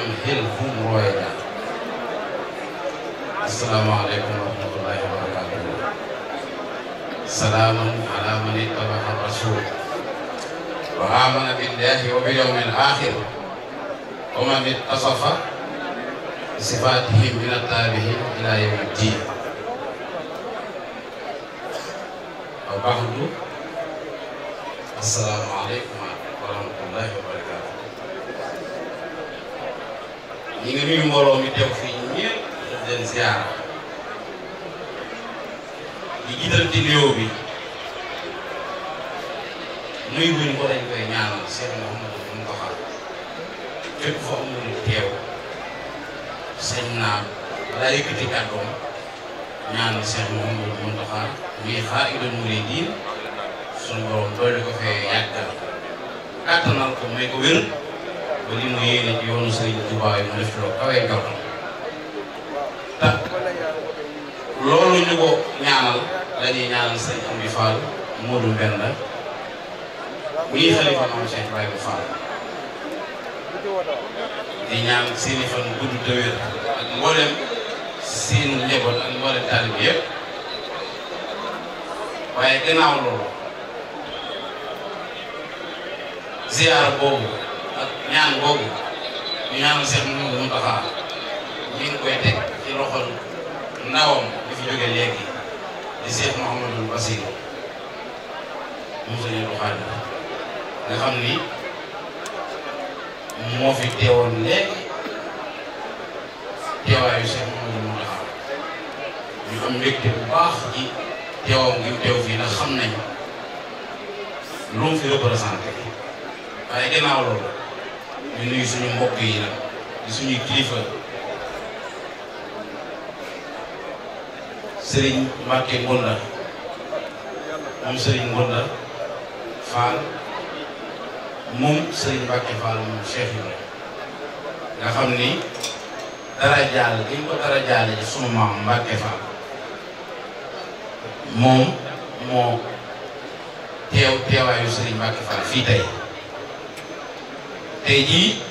am xel fu mu royee daal asalaamaaleykum wa rahmatullahi wa barakatuhu salaamun ala man ittabaxa rasul wa amana billahi wa bil yawmil axir wa man ittasafa sifatihim min attaabihin ila yawmi ddin wa baxdu asalaamaaleykum wa rahmatullahi wa ñu ngi nuyu mbooloo mi teew fii ñëpp daf leen ziar di jiital ci néew bi nuyu buñ ko dañ koy ñaanal Cheikh Mouhamadou buñ ko xam fépp fa am lu teew sañ naa balaa yëkkati kàddoom ñaanal Cheikh Mouhamadou buñ ko xam muy xaa idul muridin sunu borom doole ko fee yàggal kàttanal ko may ko wér. ba li mu yéene yoonu Serigne Touba yi mu def ci lu kawe njortam te loolu ñu ko ñaanal dañuy ñaanal Serigne Amdi Fall Modou Mbenda mii xalifa am Cheikh Ibrahima di ñaan seeni fan gudd te wér ak mboolem seenu njaboot ak mboolem taalib yëpp waaye gannaaw loolu ziyaar boobu ak ñaan boobu ñu ñaanal Cheikh Mouhamadou Moustapha ñu ngi koy teg ci loxol ndawam di fi jóge léegi di Cheikh Mouhamadou Bassirou Moussa Diop Khadi nga xam ni moo fi teewoon léegi teewaayu Cheikh Mouhamadou Moustapha ñu am mbégte bu baax ci teewam gi teew fii ndax xam nañ lu mu fi représenté waaye gannaaw loolu. ñu nuyu suñu mbokk yi nag di suñuy kilifa Serigne Mbacke Ngonda moom Serigne Ngonda Fall moom Serigne Mbacke Fall moom Cheikh Ibrahima nga xam ni dara jàll gi moom moo teew teewaayu Serigne Mbacke Fall fii tey. tey jii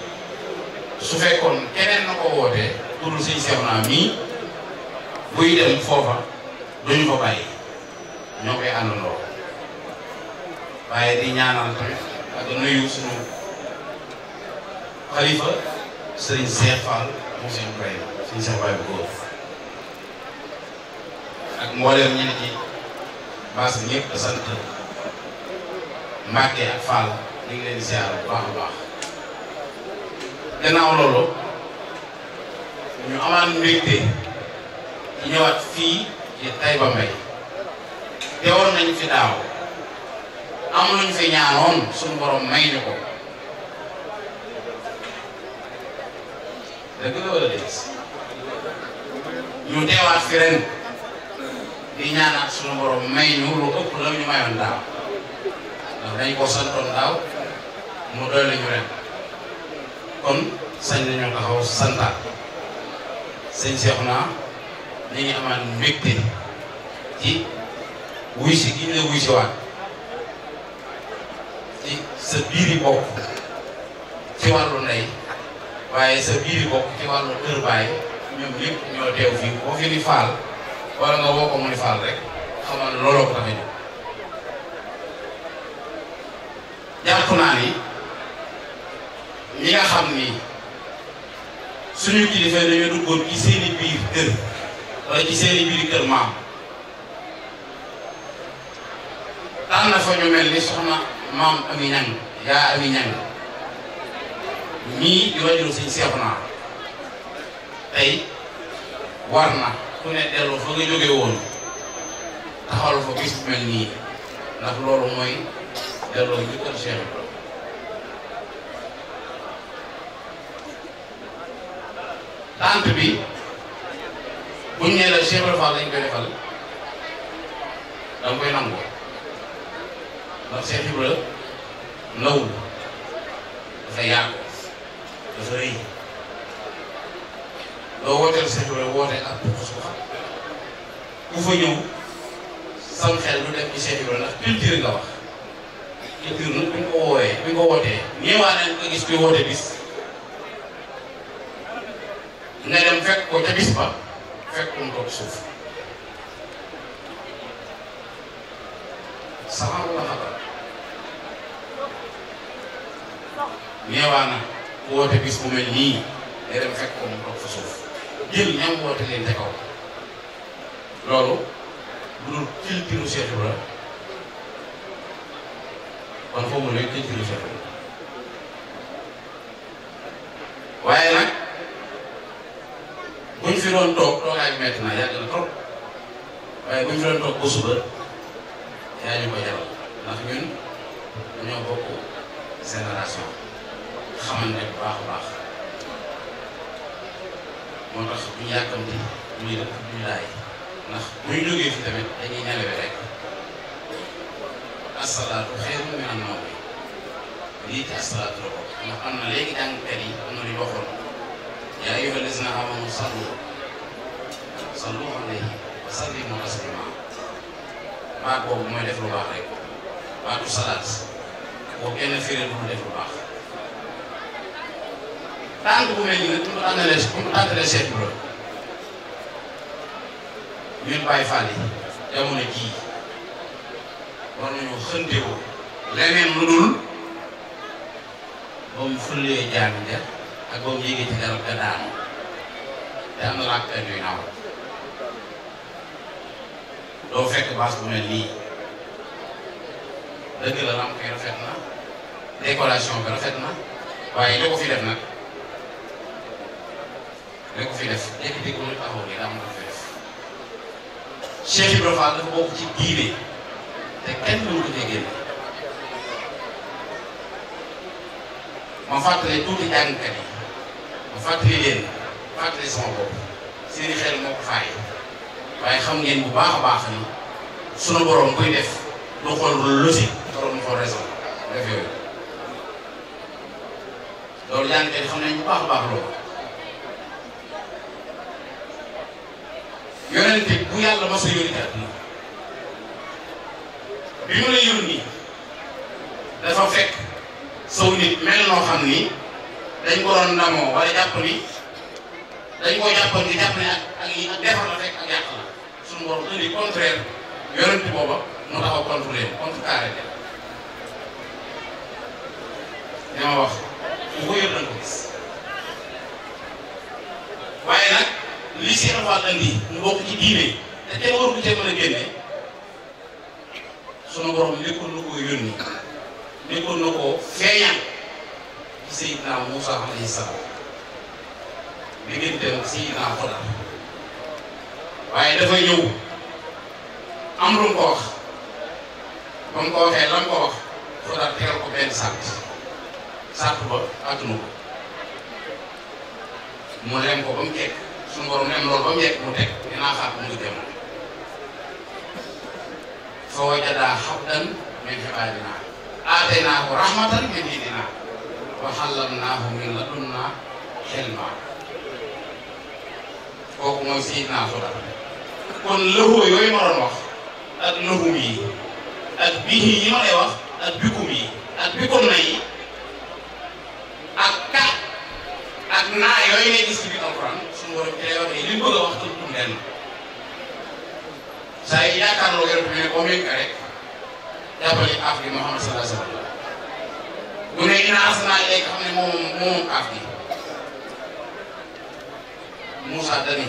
su fekkoon keneen na ko wootee pour sëñ Seexuna mii buy dem foofa duñu ko bàyyi ñoo koy àndandoo waaye di ñaanal tamit ak nuyu sunu xalifa sëriñ Seex Fall moom seen koy sëñ Seex Fall bu góor ak mbooleem ñi ne baas bi ñëpp sant Mbàkke ak Fall ñu ngi leen di ziar baax a baax gannaaw loolu ñu amaan mbégte di ñëwaat fii ci Taïba Mbaye teewoon nañ fi daaw am luñ fi ñaanoon suñu borom may ñu ko dëgg la wala ñu teewaat fi ren di ñaanaat suñu borom may ñu lu ëpp la ñu mayoon daaw ndax ko santoon daaw mu doy lañu ren kon sañ nañoo taxaw santaat sëñ Seexuna ñu ngi amaat mbégte ci wuy si gi ñu la wuy si waat ci sa biiri bokk ci wàllu ndey waaye sa biiri bokk ci wàllu kër baay ñoom ñëpp ñoo teew fii boo fi ni faal wala nga woo ko mu ni faal rek xamal looloo ko tax a jóg jàpp naa ni yi nga xam ni suñu kilifa dañoo duggoon ci seeni biir kër wala ci seeni biir kër maam tànn fa ñu mel ni soxna maam Ami Ñang yaa Ami Ñang ñii di wajuru sëñ seexu naa tey war na ku ne delloo fa nga jóge woon taxawal fa bis bu mel nii ndax loolu mooy delloo njukkal Cheikh tànt bi buñ nee la Cheikh Ibra Fall lañ koy defal da nga koy nangu ndax Cheikh Ibra nawul dafa yàgg dafa rëy loo wooteel Cheikh Ibra woote ak pos ko xam ku fa ñëw sam xel lu def ci Cheikh Ibra ndax culture nga wax culture nag buñ ko woowee buñ ko wootee ñeewaa nañ ko gis kuy woote bis na dem fekk ko ca bis ba fekk ko mu toog suuf saxaaru la xabar neewaana ku woote bis bu mel nii da dem fekk ko mu toog fa suuf jël ñam woote leen ca kaw loolu bu dul culture Cheikh Ibra kon foofu mu ne culture Cheikh Ibra waaye nag buñ fi doon toog toogaay metti na yàgg na trop waaye buñ fi doon toog ba suba yaa ñu ko jaral ndax ñun dañoo bokk génération xamante bu baax a baax moo tax bu ñu yàkkamti muy dëkk bu ñu laay ndax bu ñu jógee fi tamit dañuy ñelewe rek asalaatu xayrun min an nawm lii ci asalaatu la bokk ndax am na léegi jàngkat yi am na lu ñu waxoon يا أيها الذين آمنوا صلوا صلوا عليه وسلموا تسليما baat boobu mooy def lu baax rek baatu salaat boobu kenn firé du def lu baax tànk bu mel ni nag pour tàngalee pour tàngalee Cheikh Ibrahima ñun Baye Fall yi jamono jii war nañu xëndewoo leneen lu dul ba mu fullee jaami ja te boobu mu yéegee ci dara da te am na làkk ñuy naaw doo fekk baas bu mel nii la lamp yi rafet na décoration bi rafet waaye li fi def nag li fi def jékki-jékki lu taxaw nii fi def Cheikh Ibrahima Fall ci diine te kenn mënu ko cee génn ma fàttali tuuti jàngkat ma fàttali leen fàttali sama bopp seeni xel moo ko waaye xam ngeen bu baax baax ni sunu borom koy def du xool logique borom mu xool raison def yooyu loolu jàngate xam nañ bu baax baax loolu yonente bu yàlla ma sa yónni àdduna bi mu la yónni dafa fekk saw nit mel noo xam ni dañ ko ndamoo wala jàpp ni dañ koo jàppoon ni jàpp ne ak ak yi ak defar la rek ak yàq la suñu borom indi contraire yonent booba mu taxaw contre leen contre carré li ma wax bu ko dañ ko gis waaye nag li si xawaat andi mu bokk ci diine te kenn ko cee mën a génne sunu ko yónni Seydina Moussa alayhi salaam diggante Seydina Xodar waaye dafa ñëw am lu mu ko wax ba mu ko waxee la ko wax Xodar tegal ko benn sàrt sàrt ba ko mu lem ko ba mu teg suñu borom lem loolu ba mu yegg mu teg dinaa xaar mu ngi jamono fa wajadaa xabdan min xibaadinaa aataynaahu rahmatan min وحلمناه من لدنا حلما kooku mooy Seydina Soda kon lëxoo yooyu ma doon wax ak lëxum yi ak bihi yi ma lay wax ak bikum yi ak bikum na yi ak ka ak naa yooyu ngay gis ci biir alquran suñu borom ci lay wax ne bëgg a wax ci dum lenn saa yaakaar loo yore bi ne boo ménk rek jàppale ak li Muhammad sallallahu alayhi wa mu ne innaa arsalnaa ilayka xam ne moom moom kaaf gi Moussa dani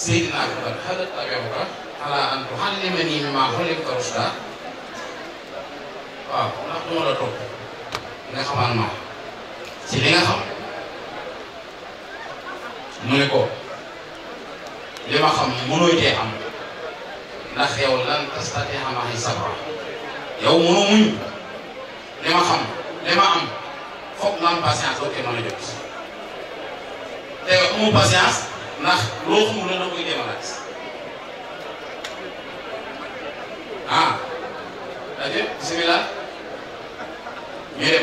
Seydina Aboubakar hal attabi'uka alaa an tu'allimanii mimmaa ullimta rushdaa waaw ndax duma la topp nga xamal ma ci li nga xam mu ne ko li ma xam mënoo tee am ndax yow lan tastatii'a ma'iya sabraa yow mënoo muñ li xam li ma am foog nga am patience jot te amoo patience ndax loo xamul la da koy jéem a laaj ah rajo bisimilah ñu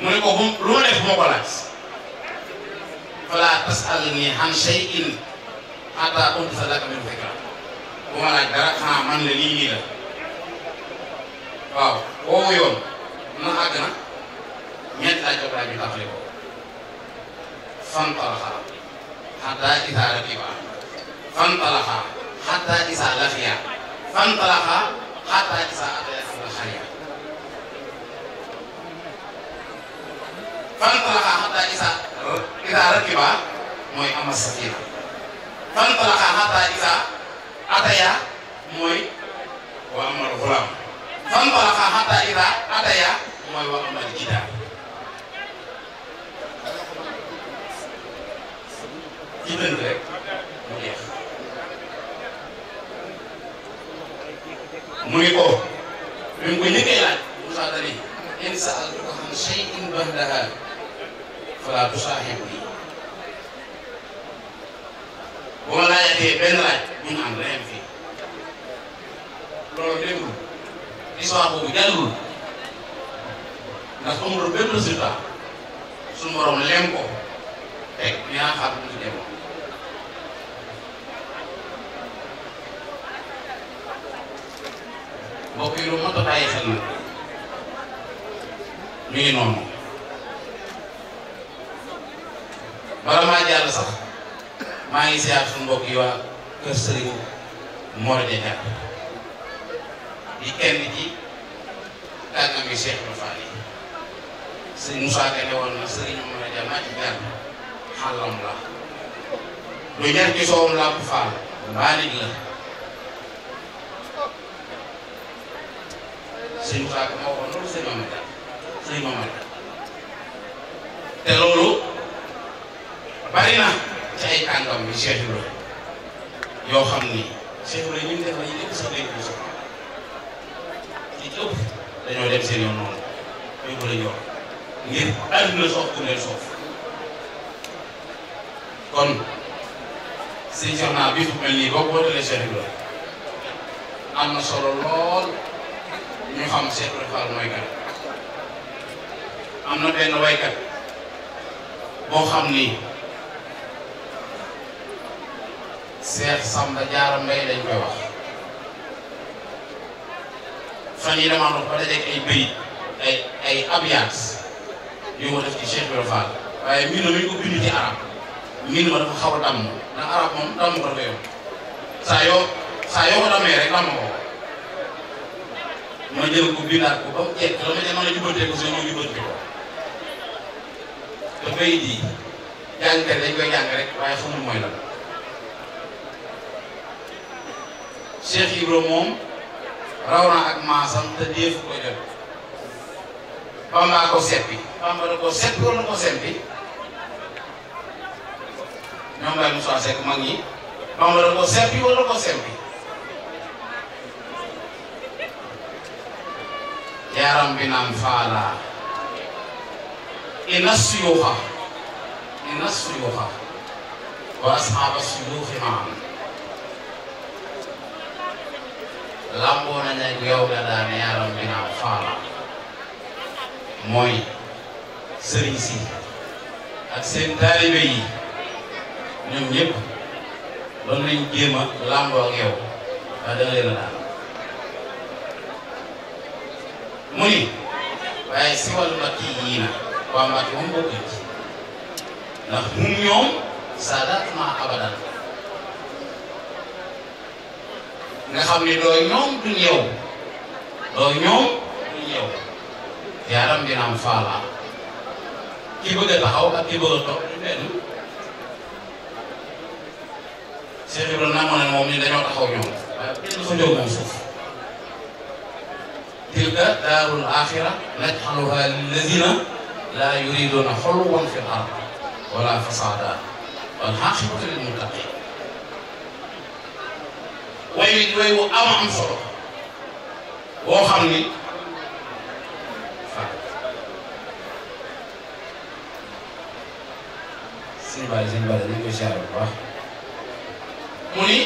mu ne ko bu lu ma def moo ko laaj fala tasalni an shay'in hatta unzila laka min dhikra bu ma laaj man la lii nii la. waaw woowu yoon na àgg na ñeenti laaj ñu taxale ko fan talaxa xataa isaa rakiba fan talaxa xataa isaa lafiya fan talaxa xataa isaa ataya abla xariya fan talaxa xataa isaa isaa rakiba mooy ama safina fan talaxa xataa isaa ataya mooy wa amal xulaam fanfalaxa xata ida ataya mooy wa amal jida ci dëng rek mu jeex mu ni ko bi mu ko ñëkkee laaj Moussa dani in sa'altuka an shay'in ba'daha fala tusaahibni bu ma laajatee benn laaj bu ñu am reen fii loolu déglu histoire boobu jàllul ndax amuloo benn résultat suñu borom lem ko teg ñaa xaar bu ci demoon mbokk yi lu mot a bàyyi xel na mi ngi noonu bala maa jàll sax maa ngi siyaar suñu mbokk yi waa kër Serigne Mor Diakhaté di kenn ji tànga mi Cheikh Ibra Fall yi sëñ Moussa Ka ne woon na sëriñ mën a jama ci la lu ñer ci soowam laa bu faal mbaalit la sëñ Moussa Ka moo waxoon loolu sëñ Mamada sëñ Mamada te loolu bari na ci ay kàngam bi Cheikh yoo xam ni Cheikh Ibra ñu def la ñu nekk sax léegi ci ëpp dañoo dem seen yoon noonu ñoom ko lañu yor ngir àdduna soof bu leen soof kon sëñ Cerna bi fu mel nii boo ko wootalee Cheikh am na solo lool ñu xam Cheikh Ibrahima am na benn waykat boo xam ni Cheikh Samba Diarra Mbaye lañ koy wax. fan yi damaa dox ba dajeeg ay bayit ay ay abyaat yu ma def ci Cheikh Ibra Fall waaye mbir mi ñu ko bind ci arab mbir dafa xaw a damm ndax arab moom damm ko dafa yoon saa yoo saa yoo ko dammee rek damm ko ma jël ko bindaat ko ba mu jekk a jubbante moom. raw na ak maasam te deefu ko jot Bamba ko seppi Bamba da ko seppi wala ko seppi ñoom Baye Moussa Seck mag ñi Bamba da ko seppi wala ko seppi yaram bi naan faala ina suyuxa ina suyuxa wa asxaaba suyuxi maan lamboo nañ ak yow nga daane yaram bi naan faala mooy sëriñ si ak seen taalibe yi ñoom ñëpp loolu lañ jéem a ak yow ba da nga leen mu ni waaye si wàllu mbakki yii na waa mbakki moom bokkuñ ci ndax ñun ñoom saa daat maa abadan nga xam ne doo ñoom du ñëw doo ñoom du ñëw yaram dina am faala ki bëgg a taxaw ak ki bëgg a toog du benn Cheikh Ibrahima naa ma ne moom ni dañoo taxaw ñoom waaye kenn fa jóg moom suuf tilka daarul axira najxaluha lillazina laa yuriduna xulwan fi l ard wala fasada wal xaaqibatu lil muttaqin way way wu ama am solo woo xam ni sëñ Balla sëñ Balla nañ koy siyaar bu baax mu ni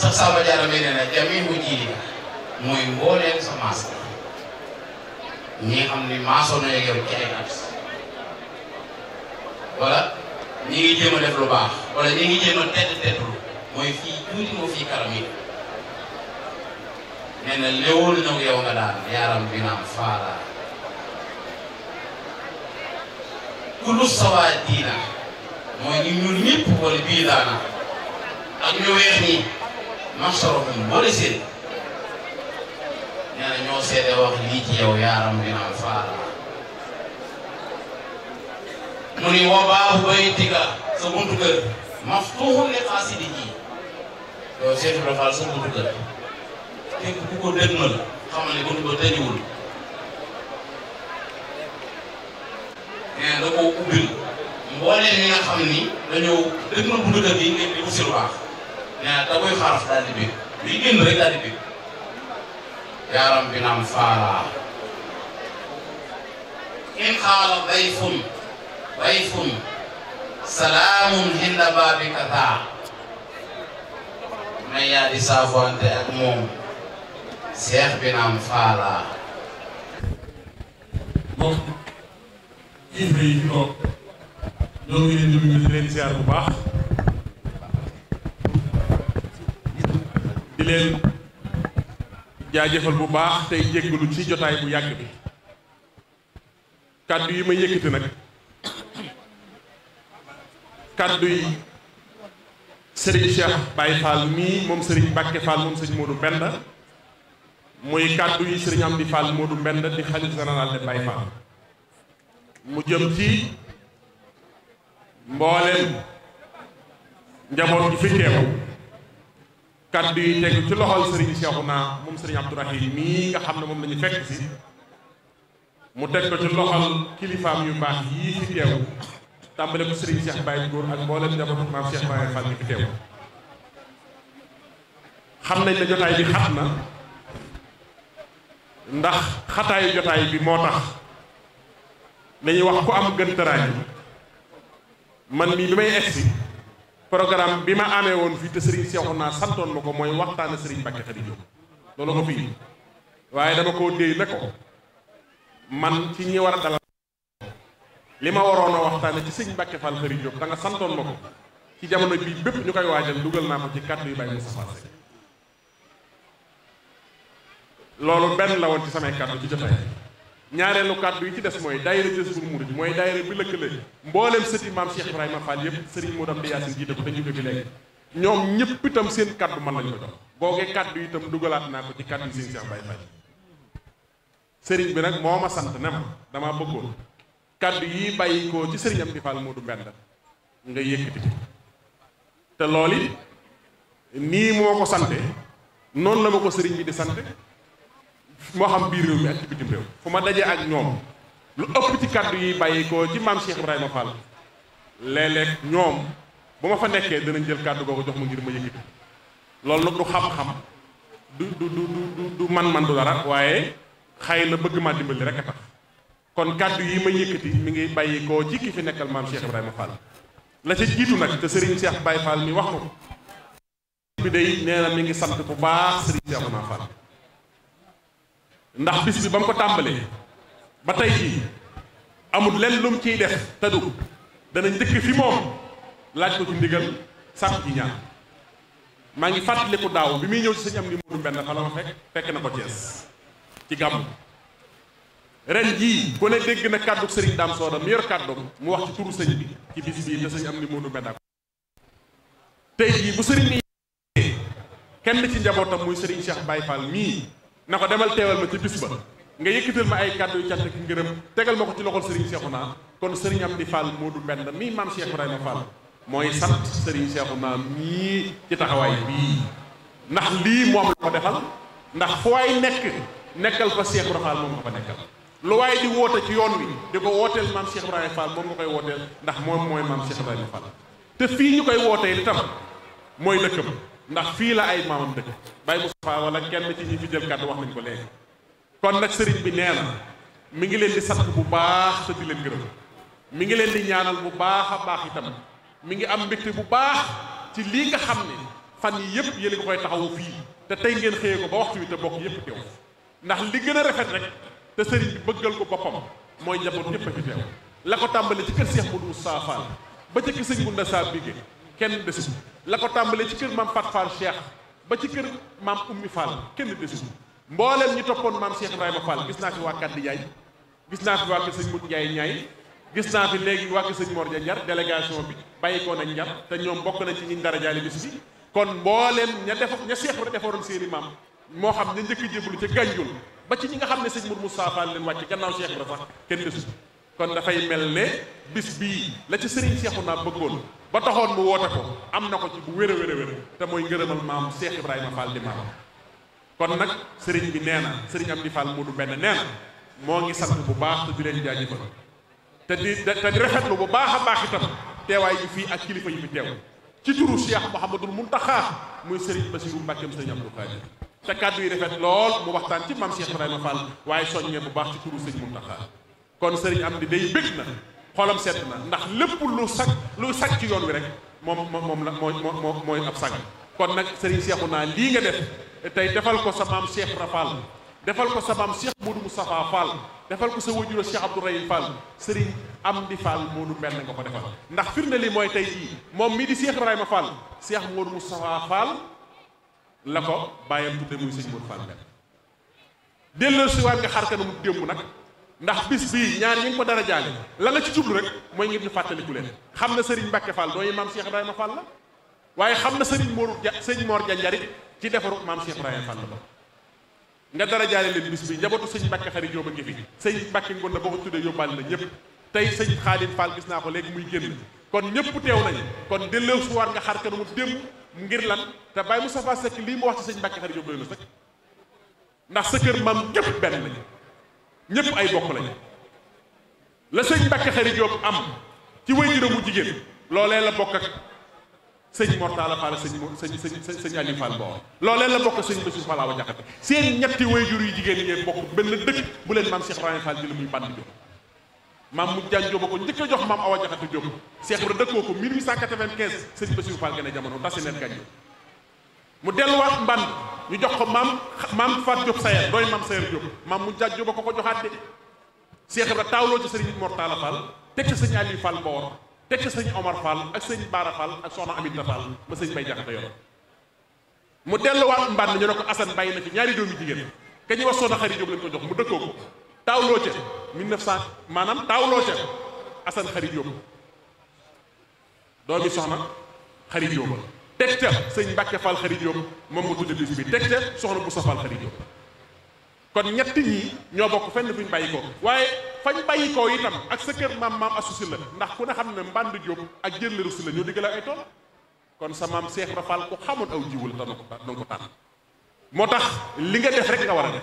sax Samba Diarra Mbaye nee na jami bu jiili mooy mbooleem sa maas ñi nga xam ni maasoo na yow ci ay at wala ngi jéem a def lu baax wala ñi ngi jéem a tedd teddlu mooy fii tuuti moo fii karam yi nee naw yow nga daan yaaram bi naam faala kullu sawa diina mooy ñu ñuul ñëpp wala bii daana ak ñu weex ñi maxsarahum boole seen nee na wax lii ci yow yaaram bi faala mu ni wa baabu baytika sa buntu kër maftuhun li qaasidi yow Cheikh Ibrahima Fall sa buntu kër képp ku ko dëgmal xamal ne buntu ba tëjuwul nee da koo ubbil mboolee ñi xam ni dañoo dëgmal buntu kër gi ngeen di wut si lu nee na da koy xaraf daal di génn rek daal di biir yaaram bi naam faaraa in xaala bayfun bayfun salaamun hinda baabika taa may yaa di saafante ak moom seex bi naam faalaa moom di leen ziar bu baax di leen jaajëfal bu baax tey jéggalu ci jotaay bu yàgg bi kàddu yi may yëkkati nag kàddu yi sëriñ Cheikh Baye Fall mii moom sëriñ Mbacke Fall moom sëriñ Modou Mbenda muy kàddu yi sëriñ Amdi Fall Modou Mbenda di xalif général de Baye Fall mu jëm ci mbooleem njaboot gi fi teew kàddu yi tegu ci loxol sëriñ Cheikhouna moom sëriñ Abdourahim mii nga xam ne moom la ñu fekk si mu teg ko ci loxol kilifaam yu baax yii fi teew tambalam Serigne Cheikh Baye ngour ak mbolam jabo ma Cheikh Baye Fall ñu fi teew xam nañ ne jotaay bi xatna ndax xataay jotay bi motax dañuy wax ku am gën tëraay man mi bi exi programme bima amé won fi te Serigne Cheikhouna santoon santon mako moy waxtana Serigne bakay Khady Diop loolu ko fi waye dama ko dey ne man ci ñi wara dal lima warono waxtane ci serigne mbacke Fall xeri Jóob da nga santone mako ci jamono bi bepp ñukay koy duggal na naa ko ci kaddu yu bàyyi Moustapha Seck lolu ben la won ci samay kaddu ci jotaay lu kaddu yi ci dess moy daayira Jazboul mourid moy daayira bi lëkkale mbollem sëti mam Cheikh Ibrahima Fall yeb serigne modam bi yassine jiite ko te ñu ko ñom ñepp itam seen kaddu man lañu ko jox kaddu itam duggalat na ko ci kaddu serigne Cheikh Baye baye serigne bi nak moma ma sant ne ma bëggoon kàddu yi bàyyi ci ci sëriñ Amdi Fall du Mbend nga yëkkati te lool it nii moo ko sante noonu la ma ko sëriñ bi di sante moo xam biir réew mi ak ci bitim réew fu ma dajee ak ñoom lu ëpp ci kàddu yi bàyyi ko ci maam Cheikh Ibrahima Fall léeg-léeg ñoom bu ma fa nekkee danañ jël kàddu ko jox ma ngir ma yëkkati loolu nag du xam-xam du du du du du man man du dara waaye xëy na bëgg maa dimbali rek a tax kon kaddu yi ma yëkëti mi ngi bàyyi koo ci ki fi nekkal maam Cheikh Ibrahima Fall la ca jiitu nag te Serigne Cheikh Baye Fall mi wax ko bi day nee na mi ngi sant bu baax Serigne Cheikh Ibrahima Fall ndax bis bi ba mu ko tàmbalee ba tey ci amul lenn lu mu ciy def te du dana njëkk fi moom laaj ko ci ndigal sàkk ci ñaan maa ngi fàttaliku daaw bi muy ñëw ci sëñ am ni mu Mbenn fa la ma fekk fekk na ko Thiès ci gàmmu ren jii ku ne dégg na kaddu serigne dam sooda meilleur kaddu mu wax ci turu serigne bi ci bis bi te serigne am ni mënu beddak tay ji bu serigne ni kenn ci njabotam muy serigne Cheikh Baye Fall mi nako demal teewal ma ci bis ba nga yëkkatal ma ay kaddu ci cant ki ngërëm tegal mako ci loxol serigne cheikhuna kon serigne am di Fall Modou Mbenda mi mam Cheikh Ibrahima Fall moy sant serigne cheikhuna mi ci taxaway bi ndax li mom lako defal ndax fooy nek nekkal fa Cheikh Ibrahima mom ko nekkal lu waaye di woote ci yoon wi di ko wooteel maam Cheikh Ibrahima Fall moom nga koy wooteel ndax moom mooy maam Cheikh Ibrahima Fall te fii ñu koy wootee tam mooy dëkkam ndax fii la ay maamam dëkk Baye Moustapha wala kenn ci ñi fi jël kàddu wax nañ ko léegi kon nag sëriñ bi nee na mi ngi leen di sant bu baax te di leen gërëm mi ngi leen di ñaanal bu baax a baax itam mi ngi am mbégte bu baax ci lii nga xam ne fan yi yëpp yéen nga koy taxawu fii te tey ngeen xëyee ko ba te bokk yëpp teew ndax li gën a rafet rek te sëriñ bëggal ko boppam mooy njaboot ñëpp a fi teew la ko tàmbale ci kër Seex Mudu Saafaan ba ci kër sëñ Bunda Saa Bigé kenn desu la ko tàmbale ci kër maam Fat Fall Cheikh ba ci kër maam Ummi Fall kenn desu mbooleem ñu toppoon maam Cheikh Ibrahima Fall gis naa fi waa Kàddi Njaay gis naa fi waa kër Mut Njaay Njaay gis naa fi léegi waa kër sëñ Mor Dia Njar délégation bi bàyyi ko nañ Njar te ñoom bokk nañ ci ñi dara jaale bis bi kon mbooleem ña def ña Seex Ibra defaroon seeni maam moo xam ña njëkk jébbalu ba ci ñi nga xam ne sëñ Mour Moussa Fall leen wacc gannaaw Cheikh rafa ken kenn desul kon da fay melne bis bi la ci sëriñ Seexuna bëggoon ba taxoon mu woote ko amna ko ci bu wéré wéré wéré te moy ngeureumal maam Cheikh Ibrahima Fall di maam kon nak sëriñ bi neena na sëriñ Amdi Fall Modou benn nee na moo ngi sant bu baax te di leen jaajëfal te di te di rafetlu bu baaxa baax itam teewaay yi fi ak kilifa yi fi teew ci turu Cheikh mohammedul Muntaxa muy sëriñ basirou mbakem sëriñ Abdou Khadir te kàddu yi rafet lool mu waxtaan ci maam Cheikh Ibrahima Fall waaye soññee bu baax ci turu sëñ Muntaxa kon sëriñ am di day bëgg na na ndax lépp lu sag lu sag ci yoon wi rek moom moom la moo moo mooy ab sag kon nag sëriñ Seexu naa lii nga def tey defal ko sa maam Cheikh defal ko sa maam Cheikh Modou Moustapha Fall defal ko sa wajuro Cheikh Abdou Rahim Fall sëriñ Amdi Fall Modou mel na nga ko defal ndax firnde li mooy tey jii moom mii di Cheikh Ibrahima Fall Cheikh Modou Moustapha Fall la ko bàyyam tudde muy sëñ Mour Fall Mbène delloo si waat nga xar kanamu démb nag ndax bis bii ñaar ñi ngi ko dara jaale la nga ci jublu rek mooy ngir ñu fàttaliku leen xam na Serigne Mbacke doo dooy maam Cheikh Ibrahima Fall la waaye xam na Serigne Mor ja sëñ Mor Janjarit ci defaru maam Cheikh Ibrahima Fall la bokk nga dara jaale leen bis bi njabootu sëñ Mbacke xarit Jóob a sëñ fi sëñ Mbacke Ngonda boo ko tuddee yóbbaale na ñëpp tey sëñ Xaadim Fall gis naa ko léegi muy génn kon ñëpp teew nañu kon delloo suwaar nga xar kanamu démb ngir lan te bàyyi Moustapha Seck lii mu wax ci sëñ Mbàkke xarit Jóob doy na sëkk ndax sa kër ñëpp benn lañu ñëpp ay bokk lañu la sëñ Mbàkke xarit Jóob am ci wéyjuramu jigéen loolee la bokk ak sëñ Mortala Fall sëñ sëñ sëñ sëñ Aliou Fall Mbaor loolee la bokk ak sëñ Bassirou Fall Awa Jaxate seen ñetti wéyjur yu jigéen ngeen bokk benn dëkk bu leen maam Cheikh Ibrahima Fall di la muy bànd jox maam mu jaan jóoba ko njëkk a jox maam awa jaxatu jóob Cheikh Ibra dëkkoo ko 1895 sëriñ Bassirou Fall gën a jamono tasi neen gàññi mu delluwaat mband ñu jox ko maam maam Faat Jóob Sayer dooy maam Sayer Jóob maam mu jaan jóoba ko ko joxaat de Cheikh Ibra taawloo ci sëriñ Mor Talla Fall teg ci sëñ Aliou Fall Mbawor teg sa sëñ Omar Fall ak sëñ Baara Fall ak soxna Aminta Fall ba sëñ Bay Jaxate yor mu delluwaat mband ñu ne ko Assane bàyyi na ci ñaari doomi jigéen ka ñuy wax ko jox taawloo ca 1900 maanaam taawloo ca Assane xarit yóbbu doomi soxna xarit yóbbu teg ca sëñ Mbàkke Fall xarit yóbbu moom nga tudde bis bi teg ca soxna bu safal xarit yóbbu kon ñett ñii ñoo bokk fenn fi ñu bàyyi ko waaye fañ bàyyi ko itam ak sa kër maam maam asusi la ndax ku ne xam ne mbànd jóob ak jëllëru si la ñoo diggal ay tool kon sa maam Seex Rafal ku xamoon aw jiwu la te na ko moo tax li nga def rek nga war a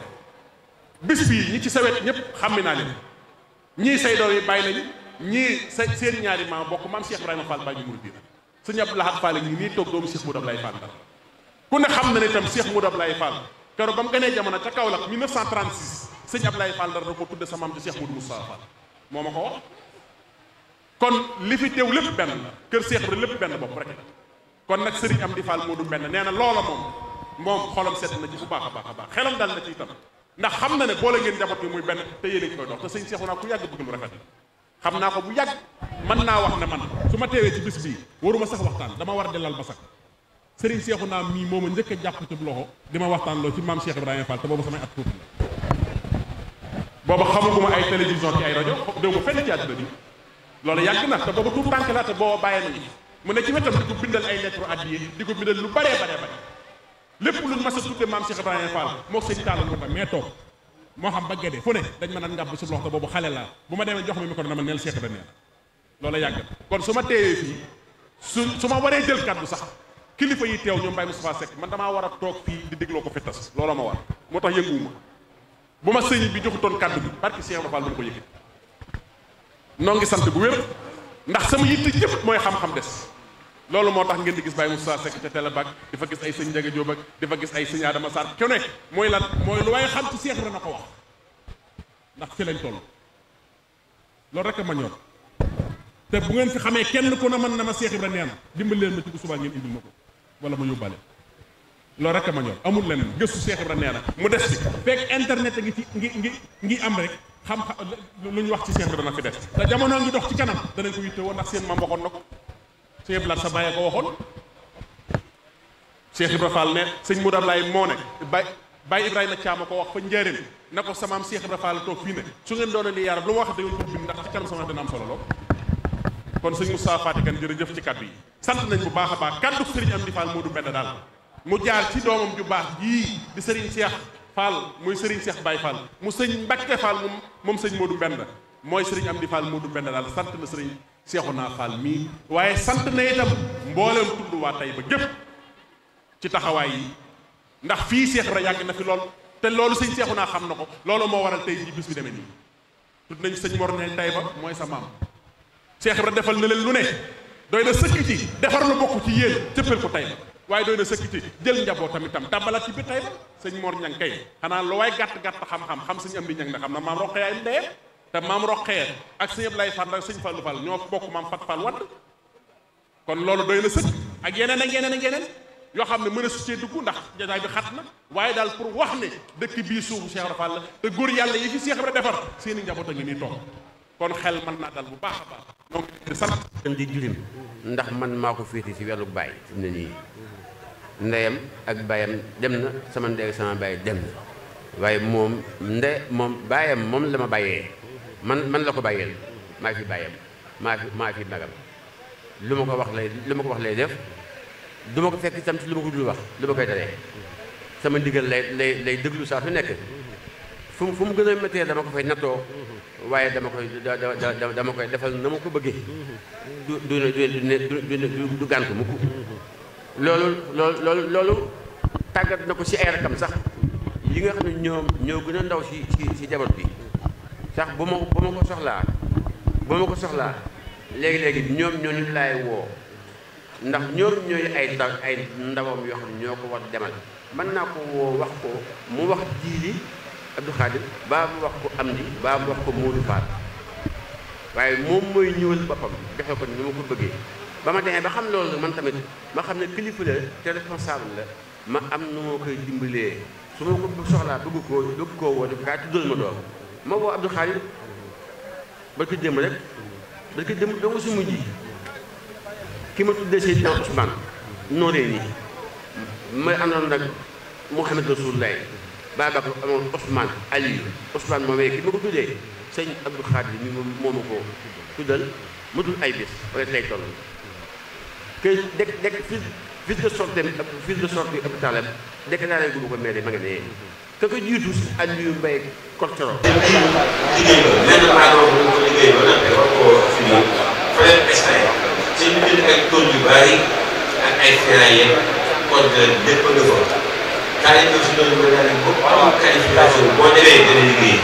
bis bii ñi ci sawet wet ñëpp xàmmi naa leen ñii say doom yi bàyyi nañu ñii sa seen ñaari maam bokk maam Cheikh Ibrahima bii Baye Mouride suñu Abdou Lahad Fall ngi nii toog doomu Cheikh Modou lay Fall Ndar ku ne xam na ne itam Cheikh Modou Abdoulaye Fall keroog ba mu gënee jamono ca Kaolack 1936 sëñ Abdoulaye Fall Ndar da ko tudde sa maam di Cheikh Modou Moustapha Fall moo ma ko wax kon li fi teew lépp benn la kër Cheikh Ibrahima lépp benn bopp rek kon nag Serigne am Fall moo du benn nee na loola moom moom xolam set na ci bu baax a baax a baax xelam dal na ci ndax xam na ne boole ngeen njaboot bi muy benn te yéen a ngi koy dox te sëñ Seexu naa ku yàgg bëgg lu rafet xam naa ko bu yàgg mën naa wax ne man su ma teewee ci bis bii waruma sax waxtaan dama war a delal ba sax sëriñ Seexu naa mii moo ma njëkk a jàpp ci loxo di ma waxtaan loo ci maam Cheikh Ibrahima Fall te boobu samay at tuuti la booba xamaguma ay télévision ci ay rajo déw ma fenn ci àdduna bi loolu yàgg na te booba tuut tànk la te booba bàyyi nañu mu ne ci wetam di ko bindal ay lettre addiye di ko bindal lu baree baree bare lepp luñ mas a tudde maam Cheikh ibrahim Fall mo seigne tall Ndonga mee toog mo xam ba gédé fune dañ ma nan ngab su loxo bobu xalé la buma démé jox mi mi ko dama nel Cheikh Ibrahima neel loola yàgg kon suma ma fi suma waré jël kaddu sax kilifa yi teew ñom bay Moustapha sek man dama wara tok fi di diglo ko fi tas looloo ma war motax yeguuma buma seigne ma sëñ bi joxutoon kàddu bi barki Cheikh ibrahim Fall du ko yëkki nongi sante bu wër ndax sama yitte jëf moy xam-xam dess loolu motax ngeen di gis Baye Moussa sek ci tele bak di fa gis ay seigne Ndiaga djob ak di fa gis ay seigne Adama sar ku ne mooy lan moy lu way xam ci cheikh rena ko wax ndax ci lañ toll loolu rek ma ñor te bu ngeen fi xamee kenn ku na man na ma cheikh Ibra neena dimbal leen ma ci suba ngeen indi mako wala ma yobale loolu rek ma ñor amul leneen gëstu cheikh Ibra neena mu def ci fek internet ngi ci ngi ngi ngi am rek xam luñ wax ci cheikh Ibra dana fi def da jamono ngi dox ci kanam da nañ ko yitte woon ndax seen mam waxon nako sëñ Abdou Lahad sa bàyyee ko waxoon Cheikh Ibra Fall ne sëñ Modou Ablaye moo ne bay Baye Ibrahima a ko wax fa njëriñ na ko samaam Cheikh Ibra Fall toog fii ne su ngeen doon di yaaram lu ma wax da ngeen ko ndax ci kanam sama dana am solo kon sëñ Moustapha Faty Kane jërëjëf ci kaddu yi sant nañ bu baax a baax kaddu sëriñ Amdi Fall moo du benn daal mu jaar ci doomam ju baax yii di sëriñ seex Fall muy sëriñ seex Baye Fall mu sëñ Mbacke Fall moom moom sëñ Modou Mbenda mooy sëriñ Amdi Fall Modou Penda daal sant na sëriñ Seexuna Fall mii waaye sant na itam mbooleem tudd waa Tayba gépp ci taxawaay ndax fii Seex Ibra yàgg na lool te loolu sëñ Seexuna xam na ko loolu moo waral tey jii bis bi demee nii tudd nañ sëñ Mor ne Tayba mooy sa maam Seex Ibra defal na leen lu ne doy na sëkk ci defar na bokk ci yéen cëppal ko Tayba waaye doy na sëkk jël njaboot tamit tam tàmbalaat bi biir Tayba sëñ Mor ñang kay xanaa lu waay gàtt gàtt xam-xam xam sëñ am di ñang na xam na maam roq yaay ndeyam te maam roqee ak sëñ Ablaye Fall ak sëñ Fallou Fall ñoo bokk maam Fat Fall wadd kon loolu doy na sëkk ak yeneen ak yeneen ak yeneen yoo xam ne mën a su cee dugg ndax jotaay bi xat na waaye daal pour wax ne dëkk bii suufu Cheikh Ibra la te góor yàlla yi fi Cheikh Ibra defar seeni njaboot a ngi nii toog kon xel mën naa dal bu baax a baax donc ndax man maa ko féete ci wàllu baay fi ne nii ndeyam ak baayam dem na sama ndey ak sama baay dem waaye moom nde moom baayam moom la ma bàyyee man man la ko bàyyeel maa fi bàyyam maa fi maa fi magam lu ma ko wax lay lu ma ko wax lay def du ma ko fekk itam ci lu ma ko dul wax lu ma koy dalee sama ndigal lay lay lay déglu saa su nekk fu mu fu mu gën a méttee dama ko fay nattoo waaye dama koy dama koy defal na ma ko bëggee du du du du du gàntu mukk loolu loolu loolu loolu tàggat na ko ci ay rakam sax yi nga xam ne ñoom ñoo gën a ndaw ci ci ci jabar bi ndax bu ma bu ma ko soxlaa bu ma ko soxlaa léegi-léegi ñoom ñooñu laay woo ndax ñoom ñooy ay ndaw ay ndawam yoo ñoo ko war demal man naa ko woo wax ko mu wax jiili Abdou Khadir baa mu wax ko am di baa mu wax ko Modou Fall waaye moom mooy ñëwal boppam joxe ko ni ma ko bëggee ba ma demee ba xam loolu man tamit ma xam ne kilifa la te responsable la ma am nu ma koy dimbalee su ma ko soxlaa bëgg koo bëgg koo woo def kaa tuddal ma doom moo woo Abdou Khadir ba ko démb rek ba ko démb doo nga si mujj ki ma tuddee Seydina Ousmane nooree nii may àndoon nag Mouhamed Rasoulaay baaba ko amoon Ousmane Ali Ousmane moo wee ki ma ko tuddee sëñ Abdou Khadir mi moo ma ko tuddal mu ay bis wala lay toll que dekk dekk fils de sortie fils de sortie hôpital déclaré gu ma ko mairie ma nga nee ka ko jiitu Aliou Mbaye Kortoro. liggéey ba lenn maa ngi ko liggéey ba nag war koo fini fa leen extrait ci ñu bind ay tool yu bari ak ay ferraille kon lépp nga fa qualification bi nga ne ko am qualification boo demee dana liggéey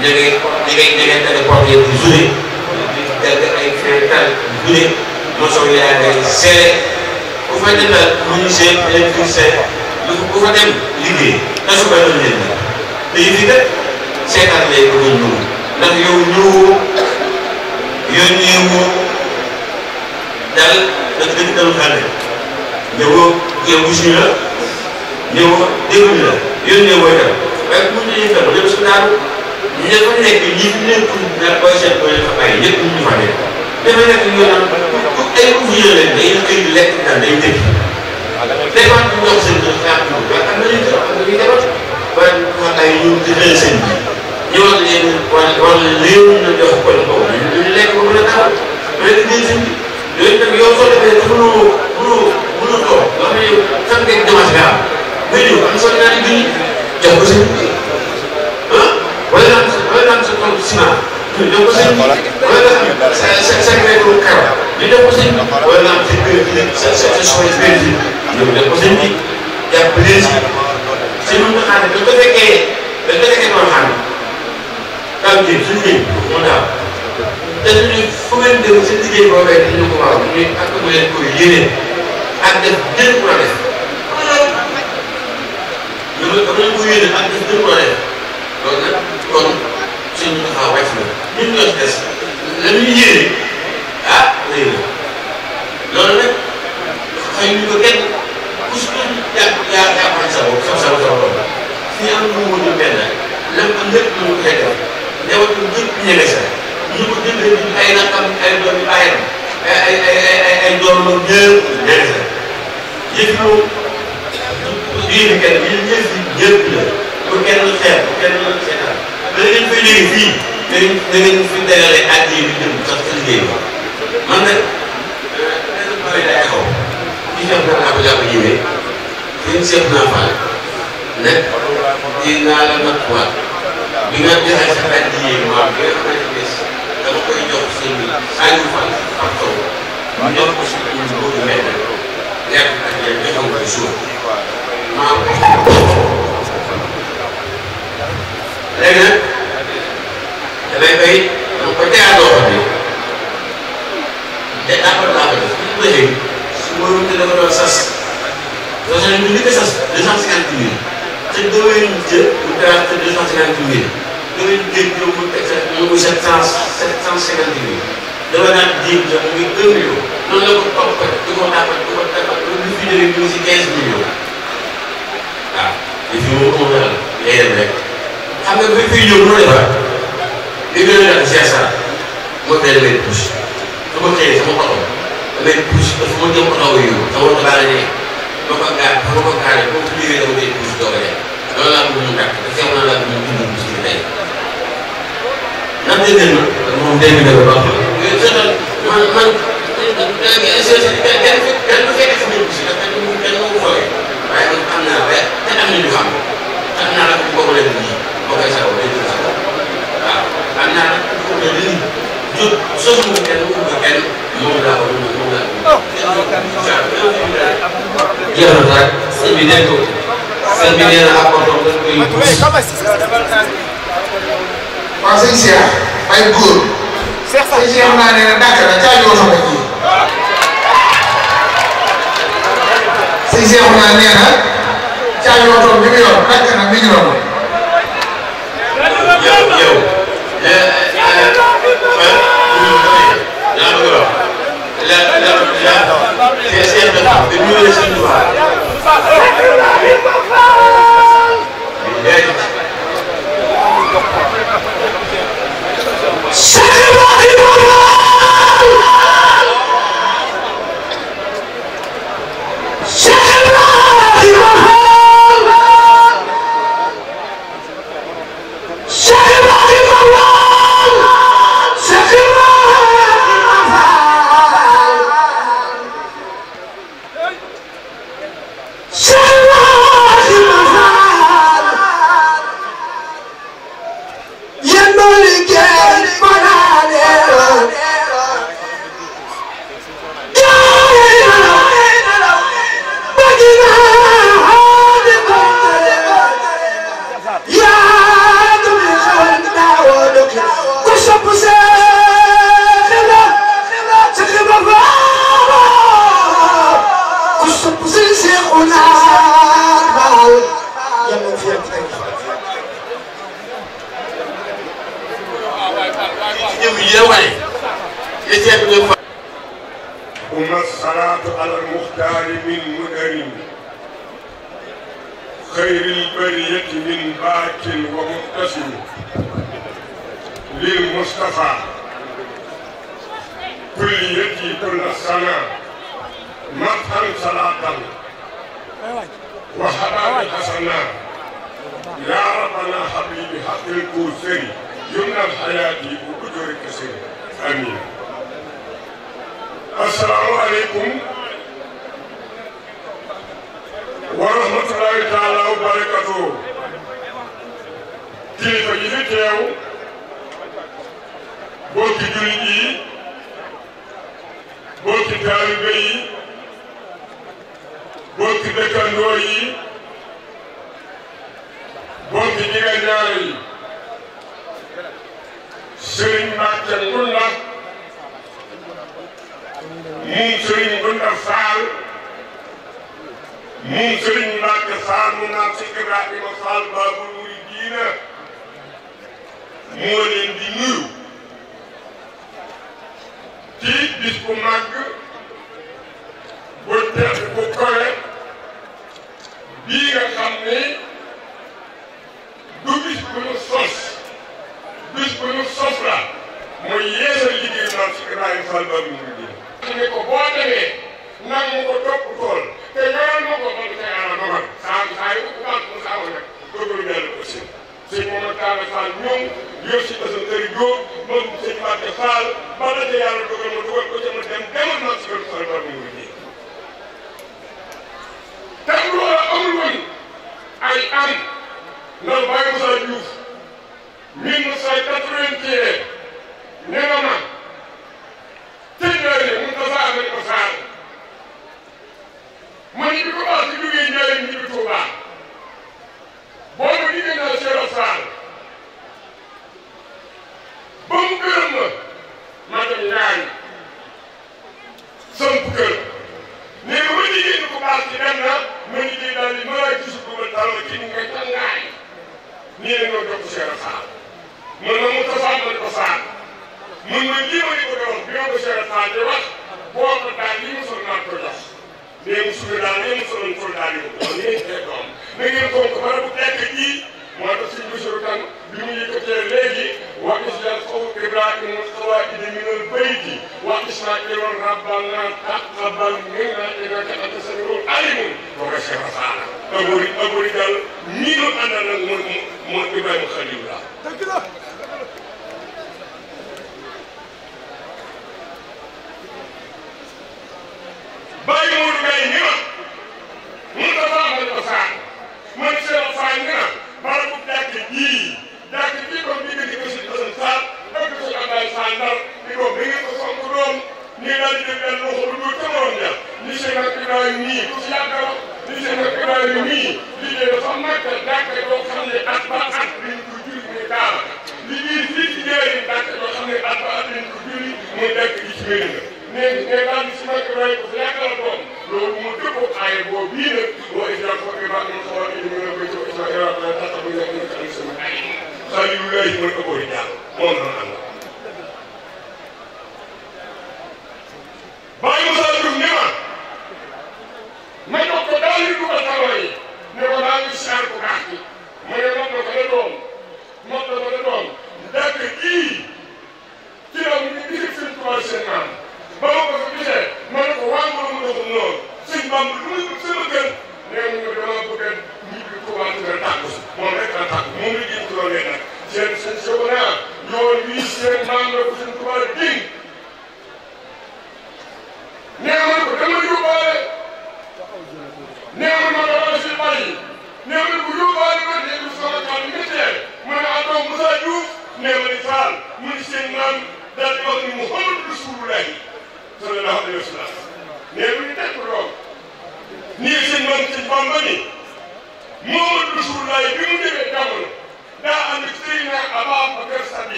ña ngay ña ngay ña ngay tane porte yi joué di dagg ay feetal joué mosoom yaa ngay seere bu fekkee nag menuisier électricien du du fa dem liggéey te su koy leen la te yi fi kat seetaan lay ko doon ñëw ndax yow ñëwoo yónneewoo dal da nga gën a dal xale ñëwoo yow wusu la ñëwoo déglu la yónneewoo itam waaye bu ñu leen fexeel yëpp su naan ña fa nekk ñi nekkul naan booy seet booy leen fa bàyyi ñëpp ñu ñu fa nekk dafa nekk ñu naan ku ay ouvrier leen day xëy lekk daal day dégg. vraiment ñu jox seen kër ñaar ñoom mais am na ñuy jox am na ñuy defar waaye ñun ay ñoom di xëy seen bi ñëwal leen wala wala réew na jox ko la kaw ñu ñu lekk ba mën a taxaw mais li ngay seen bi yooyu nag yow soo defee te mënoo mënoo mënoo toog nga xam ne yow fan ngeen démarche nga am nga ñëw am soo ñaari junni jox ko seen bi ah wala am sa wala am sa tool ciment jox ko seen bi wala am sa sa sa sa li def ko seen wala nga am seen kër gi sa sa sa soxla kër gi yow def ko seen bi jàpp leen si si mën nga xam ne dañ ko fekkee dañ ko fekkee noonu xam ne kaw ji suñu ñëw mun naa te suñu fu ngeen dem seen liggéey boo fekk dañu ko waaw ñuy ak mu leen koy yéene ak def jën ku la def ñu nga am nañ ko yéene ak def jën ku la def loolu nag kon suñu taxaw wàcc na ñun ñoo ci des la ñuy yéene ah rëy na loolu nag xëy ñu ko kenn ku si doon jàpp yaa jàppal sa bopp sa sa sa bopp fi am lu mu ñu benn lam am lépp lu mu koy def newatu ñëpp ñebe sa ñu ko jëndee ñu ay naqam ay doom yu bàyyam ay ay ay ay ay doom loolu ñëpp ñebe sa yëf ñu yéen kenn yéen ñëpp ñëpp la pour kenn lu xeeb pour kenn lu seetaan da ngeen koy léegi fii da ngeen da ngeen fi dalalee àddi yi di jëm sax sa liggéey man nag benn projet day xaw ci seen bopp laa ko jàpp jiwee seen naa faale ne dinaa la nattuwaat bi nga joxe sa benn jiw bi nga xamante ne dama koy jox seen bi Aliou Fall ak taw bi ñëw ko si jiw bi boobu mel ne leer ak leer nga xam ko suuf in my life. bis bu màgg bu tedd bu kowe bii nga xam ne du bis bu ñu sos bis bu ñu sos la mooy yeesal liggéey Maam Cheikh Ibrahima ba mu ngi dee ne ko boo demee nag mu ko topp tool te ñaan ma ko ba du tey ana dogal saa saa yu mu saaw nag dogalu yàlla ko si sëñ Momar Talla Fall ñoom ba sa kër jóob moom sëñ Mbacke Fall ba la yàlla dogal ma dogal ko ca ma dem demal si yoonu soxla ba mu ngi ji te loola amul woon ay am ndax Baye Moussa Diouf 1995 nee na ma tey daal ne mun tasaar nañ ko saar man it bi ko baax ci jógee njëriñ ñi bi Touba boobu liggéey naa Cheikh Sall ba mu gërëm ma dem naari samp kër nee na ma liggéey ko baal dem na ma liggéey daal di mën a gisul ko man daal ma kii nga tam naari nii la nga jox Cheikh Fall man ma mu tasaan ma ko saan man ma lii ma di ko doon bi ma ko Cheikh Fall di wax boo ko daal li mu sol naa ko jox nee mu subi daal nee mu soloon sol daal di ko jox nii doom na ngeen fonk barab bu tekk ji moo tax suñu bisiru tan bi mu yëkkatee léegi wa islan qawm ibrahim alqawaida min albayti wa ismailan rabbana taqabbal minna innaka anta samiul alim wa bashir rafaala abori abori dal nii ñu àndal nag moom moom ibrahima xalilullah dëgg la bàyyi moo du gay ni ma mun ta baax na ko saan man seen faa ngi na barabu jàkk jii yaa ngi fii comme ni nga di ko si Assane Sarr ak ko si Abdoulaye Sarr Ndar di ko bëgg ko fonk doom nii daal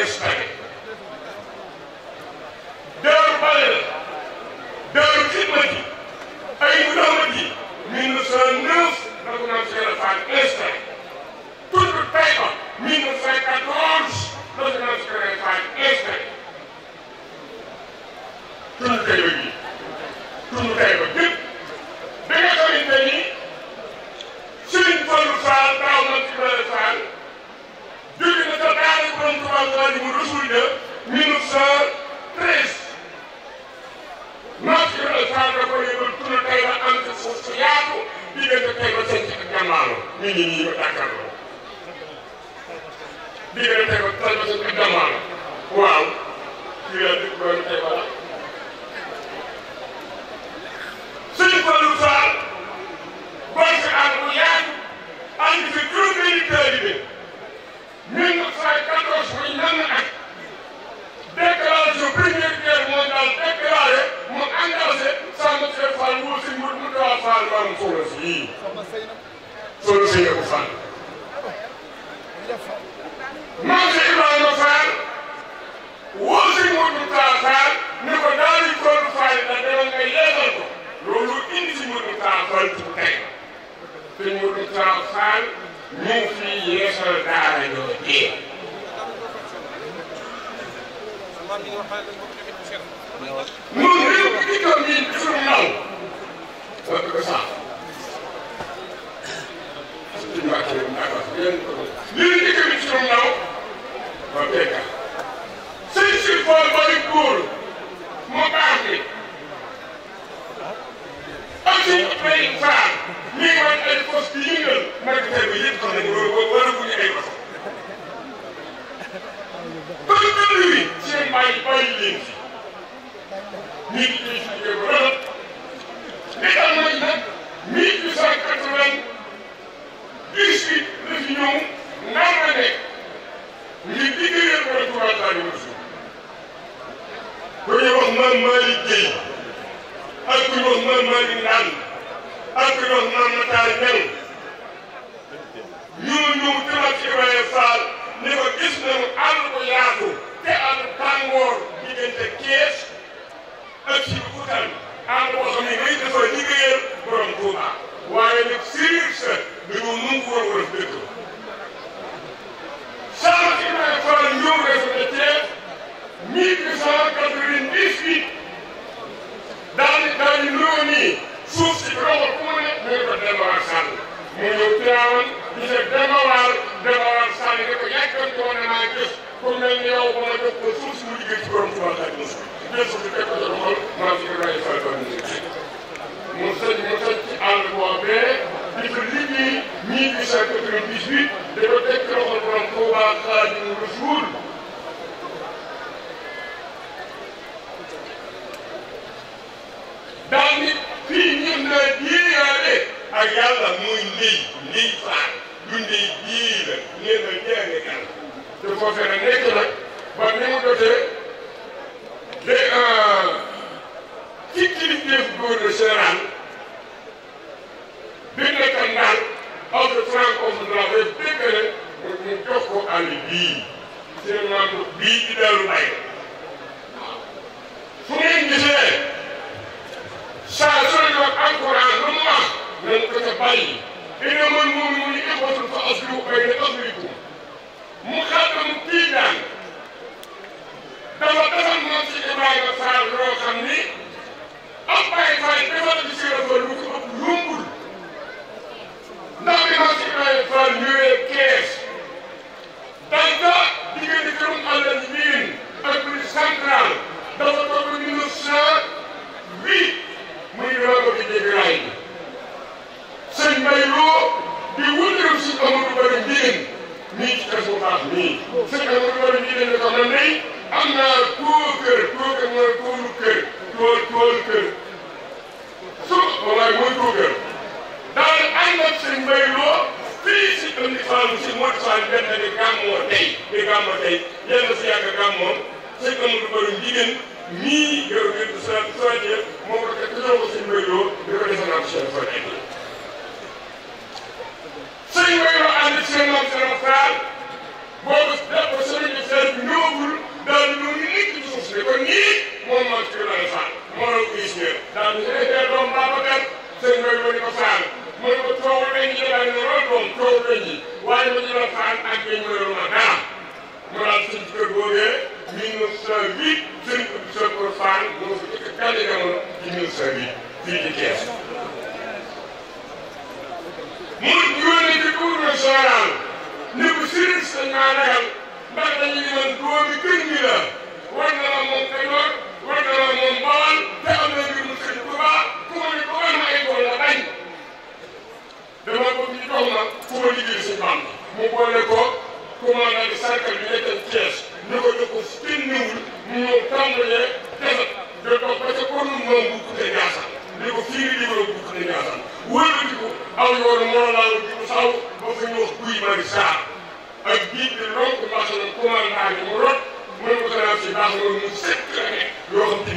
respect.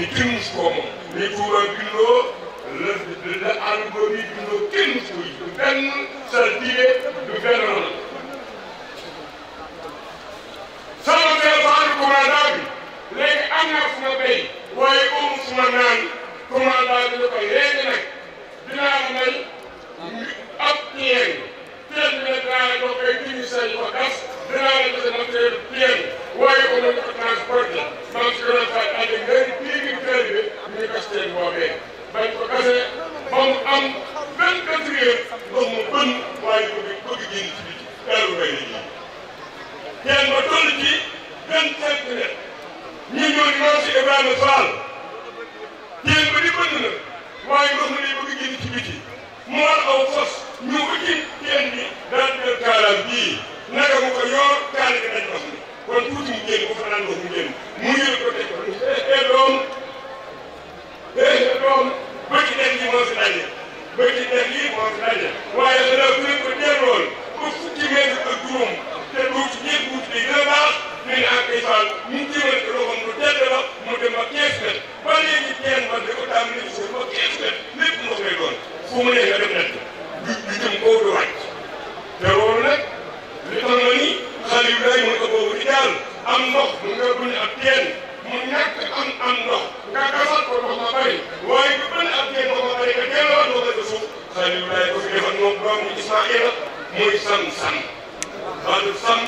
ni kenn mus koo moom ni Tuuba bindoo la la ànd boo mi kenn mus ko yi du benn du benn loolu sama benn faanu commandant bi léegi na fu waaye amul fu ma naan commandant bi la koy léegi nag dinaa ma may ab piyeer piyeer bi nag dinaa la gas dinaa la joxe matériel waaye ko nañ ko transporté man si gën a fay ànd ak taalibe ñu ngi gas teen boobee bañ ko gasee ba mu am benn degré ndox mu bën waaye bëgg bëgg génn ci bitti dalu mbay la ñuy. teen ba toll ci vingt cinq mètres ñu ñëw di maam si Ibrahima Fall teen ba di bënd na waaye mu war bi daal di jël kaalaam bii naka mu ko yor kaala bi dañ ndox mi kon tuuti mu génn bu fanaan ndox mu génn mu yël ko teg ko te eh, eh, doom. léegi nag loolu bëgg nekk yi moo fi daje bëgg nekk yi moo fi daje waaye dana bu ñu ko delloo ba fukki mètre ak juróom te tuuti ñeent tuuti day gën a baax ñu ne ak ay fan ñu jëlee ko loo xam lu tedd la mu dem ba 15 mètres ba léegi ñeent man da ko tàmbalee suuf ba 15 mètres lépp ndox lay doon fu mu nekk dem nañ ko du jëm koo du wàcc te loolu nag li tax na ni xale ko boobu daal am ndox mu nga dund ak teen. mu ñàkk am am ndox nga gasal ko ndox ma bëri waaye ñu bëri ak ma bëri nga delloo ndox la suuf Xaliilu ko fi defal moom doomu Ismaayla muy sam sam balu sam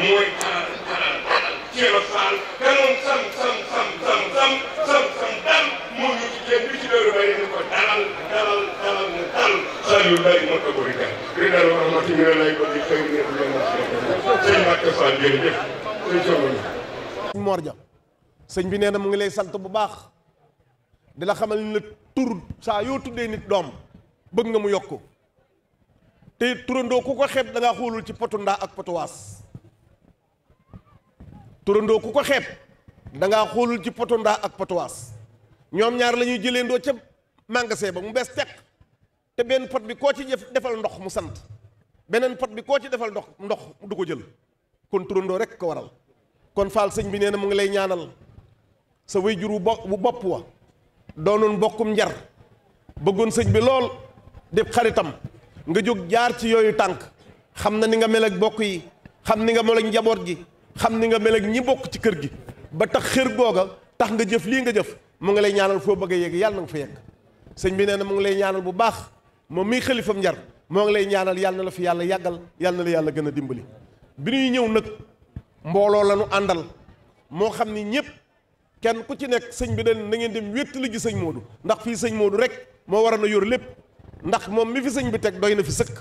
mooy taral taral taral ci la faal kanoon sam sam sam sam sam sam sam dal moo ñu ci jéem bi ci dooru bëri ni ko dalal dalal dalal na dal Xaliilu Laay mën ko bëri kan ridal wa rahmati min Allahi ba di xëy ne bu leen wax sëñ Mbàkke Fall jërëjëf sëñ sëñ bi neena na mu ngi lay sant bu baax dila xamal ne tur sayut yo tuddé nit dom bëgg nga mu yokku te turandoo ku ko xeeb da nga xoolul ci potu nda ak potu was turandoo ku ko xeeb da nga xoolul ci potu nda ak potu was ñom ñaar la jëlé ndo ci mangasé ba mu tek te ben pot bi ko ci defal ndox mu sant benen pot bi ko ci defal ndox ndox du ko jël kon turandoo rek ko waral kon fal sëñ bi neena ngi lay ñaanal sa way juru bu bop wa donon bokum njar beggon señ bi lol di xaritam nga jog jaar ci yoyu tank xamna ni nga mel ak bokk yi xamni nga mel ak njabot gi xamni nga mel ak ñi bokk ci kër gi ba tax xër goga tax nga jëf li nga jëf mo nga lay ñaanal fo bëgg yegg nga fa yegg señ bi neena mo nga lay ñaanal bu baax mo mi khalifam njar mo nga lay ñaanal yalla la fi yalla yagal yalla la yalla gëna dimbali bi ñuy ñew nak mbolo lañu andal mo xamni ñepp kenn ku ci nekk sëñ bi den na ngeen dem wéttali ji sëñ Moodu ndax fii sëñ Moodu rek moo waroon a yor lépp ndax moom mi fi sëñ bi teg doy na fi sëkk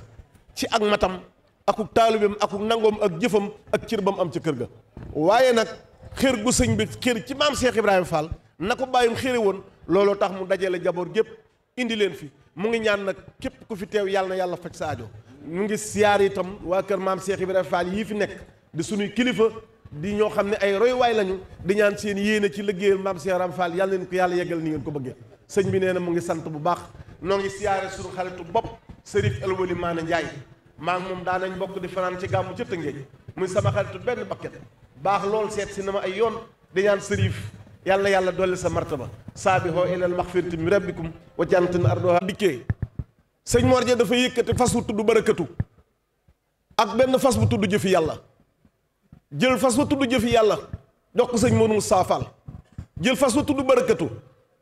ci ak matam akuk taalibeem akuk nangoom ak jëfam ak cir ba mu am ca kër ga waaye nag xër gu sëñ bi xër ci maam Cheikh Ibrahima Fall na ko bàyyim xëre woon looloo tax mu dajale jaboot gépp indi leen fi mu ngi ñaan nag képp ku fi teew yàlla na yàlla faj sa aajo mu ngi siyaar itam waa kër maam Cheikh Ibrahima Fall yii fi nekk kilifa di ñoo xam ne ay roy waay lañu di ñaan seen yéene ci liggéeyal maam Cheikh Ram Fall yàlla leen ko yàlla yeggal ni ngeen ko bëggee sëñ bi nee na mu ngi sant bu baax noo ngi siyaare suñu xaritu bopp Serif Alwali Maana Ndiaye maa ngi moom daan nañ bokk di fanaan ci gàmmu ca Tëngéej muy sama xaritu benn bakket baax lool seet si na ma ay yoon di ñaan yàlla yàlla dolli sa martaba saabihoo ilal maxfirati mi rabbikum wa jannatin arduha dikkee sëñ Mor Dia dafa yëkkati fas wu tudd barakatu ak benn fas bu tudd jëfi yàlla jël fas wa tudd jëfi yàlla jox ko sëñ Modou Moustapha jël fas wa tudd barakatu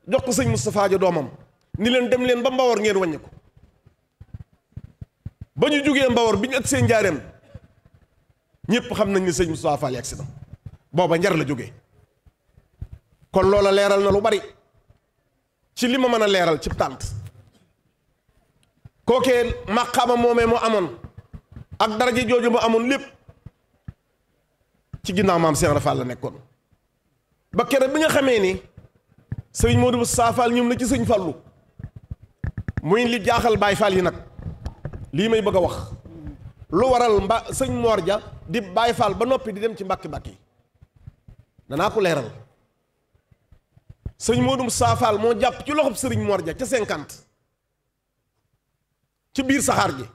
jox ko sëñ ja doomam ni leen dem leen ba Mbawar ngeen wàññi ko ba ñu jógee Mbawar bi ñu ak seen njaareem ñëpp xam nañ ni sëñ Moustapha Fall yegsi booba njar la jóge kon loola leeral na lu bari ci li ma mën a leeral ci tànt kookee màqaama moomee mu amoon ak daraja jooju mu amoon lépp ci ginnaaw maam Cheikh Rafal la nekkoon ba keroog bi nga xamee ni sëriñ Modou Moustapha Fall ñoom la ci sëñ Fallu muy li jaaxal Baay Fall yi nag lii may bëgg a wax lu waral mba sëñ moor ja di Baay Fall ba noppi di dem ci mbàkki mbàkki yi danaa ko leeral sëñ Modou Moustapha Fall moo jàpp ci loxob sëriñ moor Dia ca cinquante ci biir saxaar gi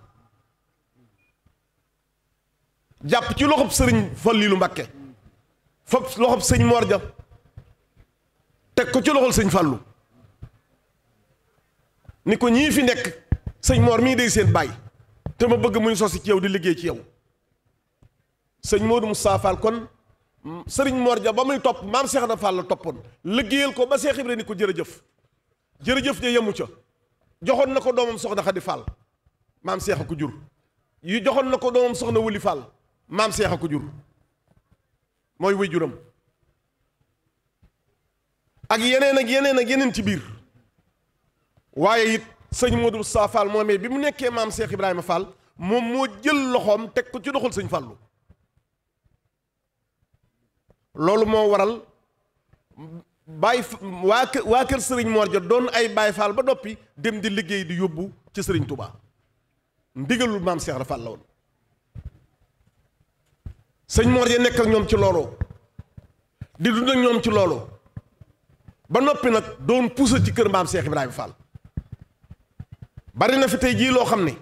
jàpp ci loxob sëriñ Fallilu Mbàkke fab loxob sëñ moor Ja teg ko ci loxol sëñ Fallu ni ko ñii fi nekk sëñ moor mii dey seen bàyyi te ma bëgg muy sosi ci yow di liggéey ci yow sëñ Modou Moustapha Fall kon sëriñ moor Ja ba muy topp maam Cheikh na Fall la toppoon liggéeyal ko ba Cheikh Ibra ni ko jërëjëf jërëjëf ja yemu ca joxoon na ko doomam soxna Xadi Fall maam Cheikh ko jur yi joxoon na ko doomam soxna Wuli Fall maam seex a ko jur mooy way juram ak yeneen ak yeneen ak yeneen ci biir waaye it sëñ Modou Sa Fall moomee bi mu nekkee maam Cheikh Ibrahima Fall moom moo jël loxoom teg ko ci doxul sëñ Fallu loolu moo waral baay waa kë waa kër sëriñ Mor ja doon ay baay Fall ba noppi dem di liggéey di yóbbu ci sëriñ Touba ndigalul maam Cheikh Fall la woon sëñ moor ya nekk ak ñoom ci loolu di dund ak ñoom ci loolu ba noppi nag doon puusa ci kër maam Cheikh Ibrahima Fall bari na fi tey jii loo xam ne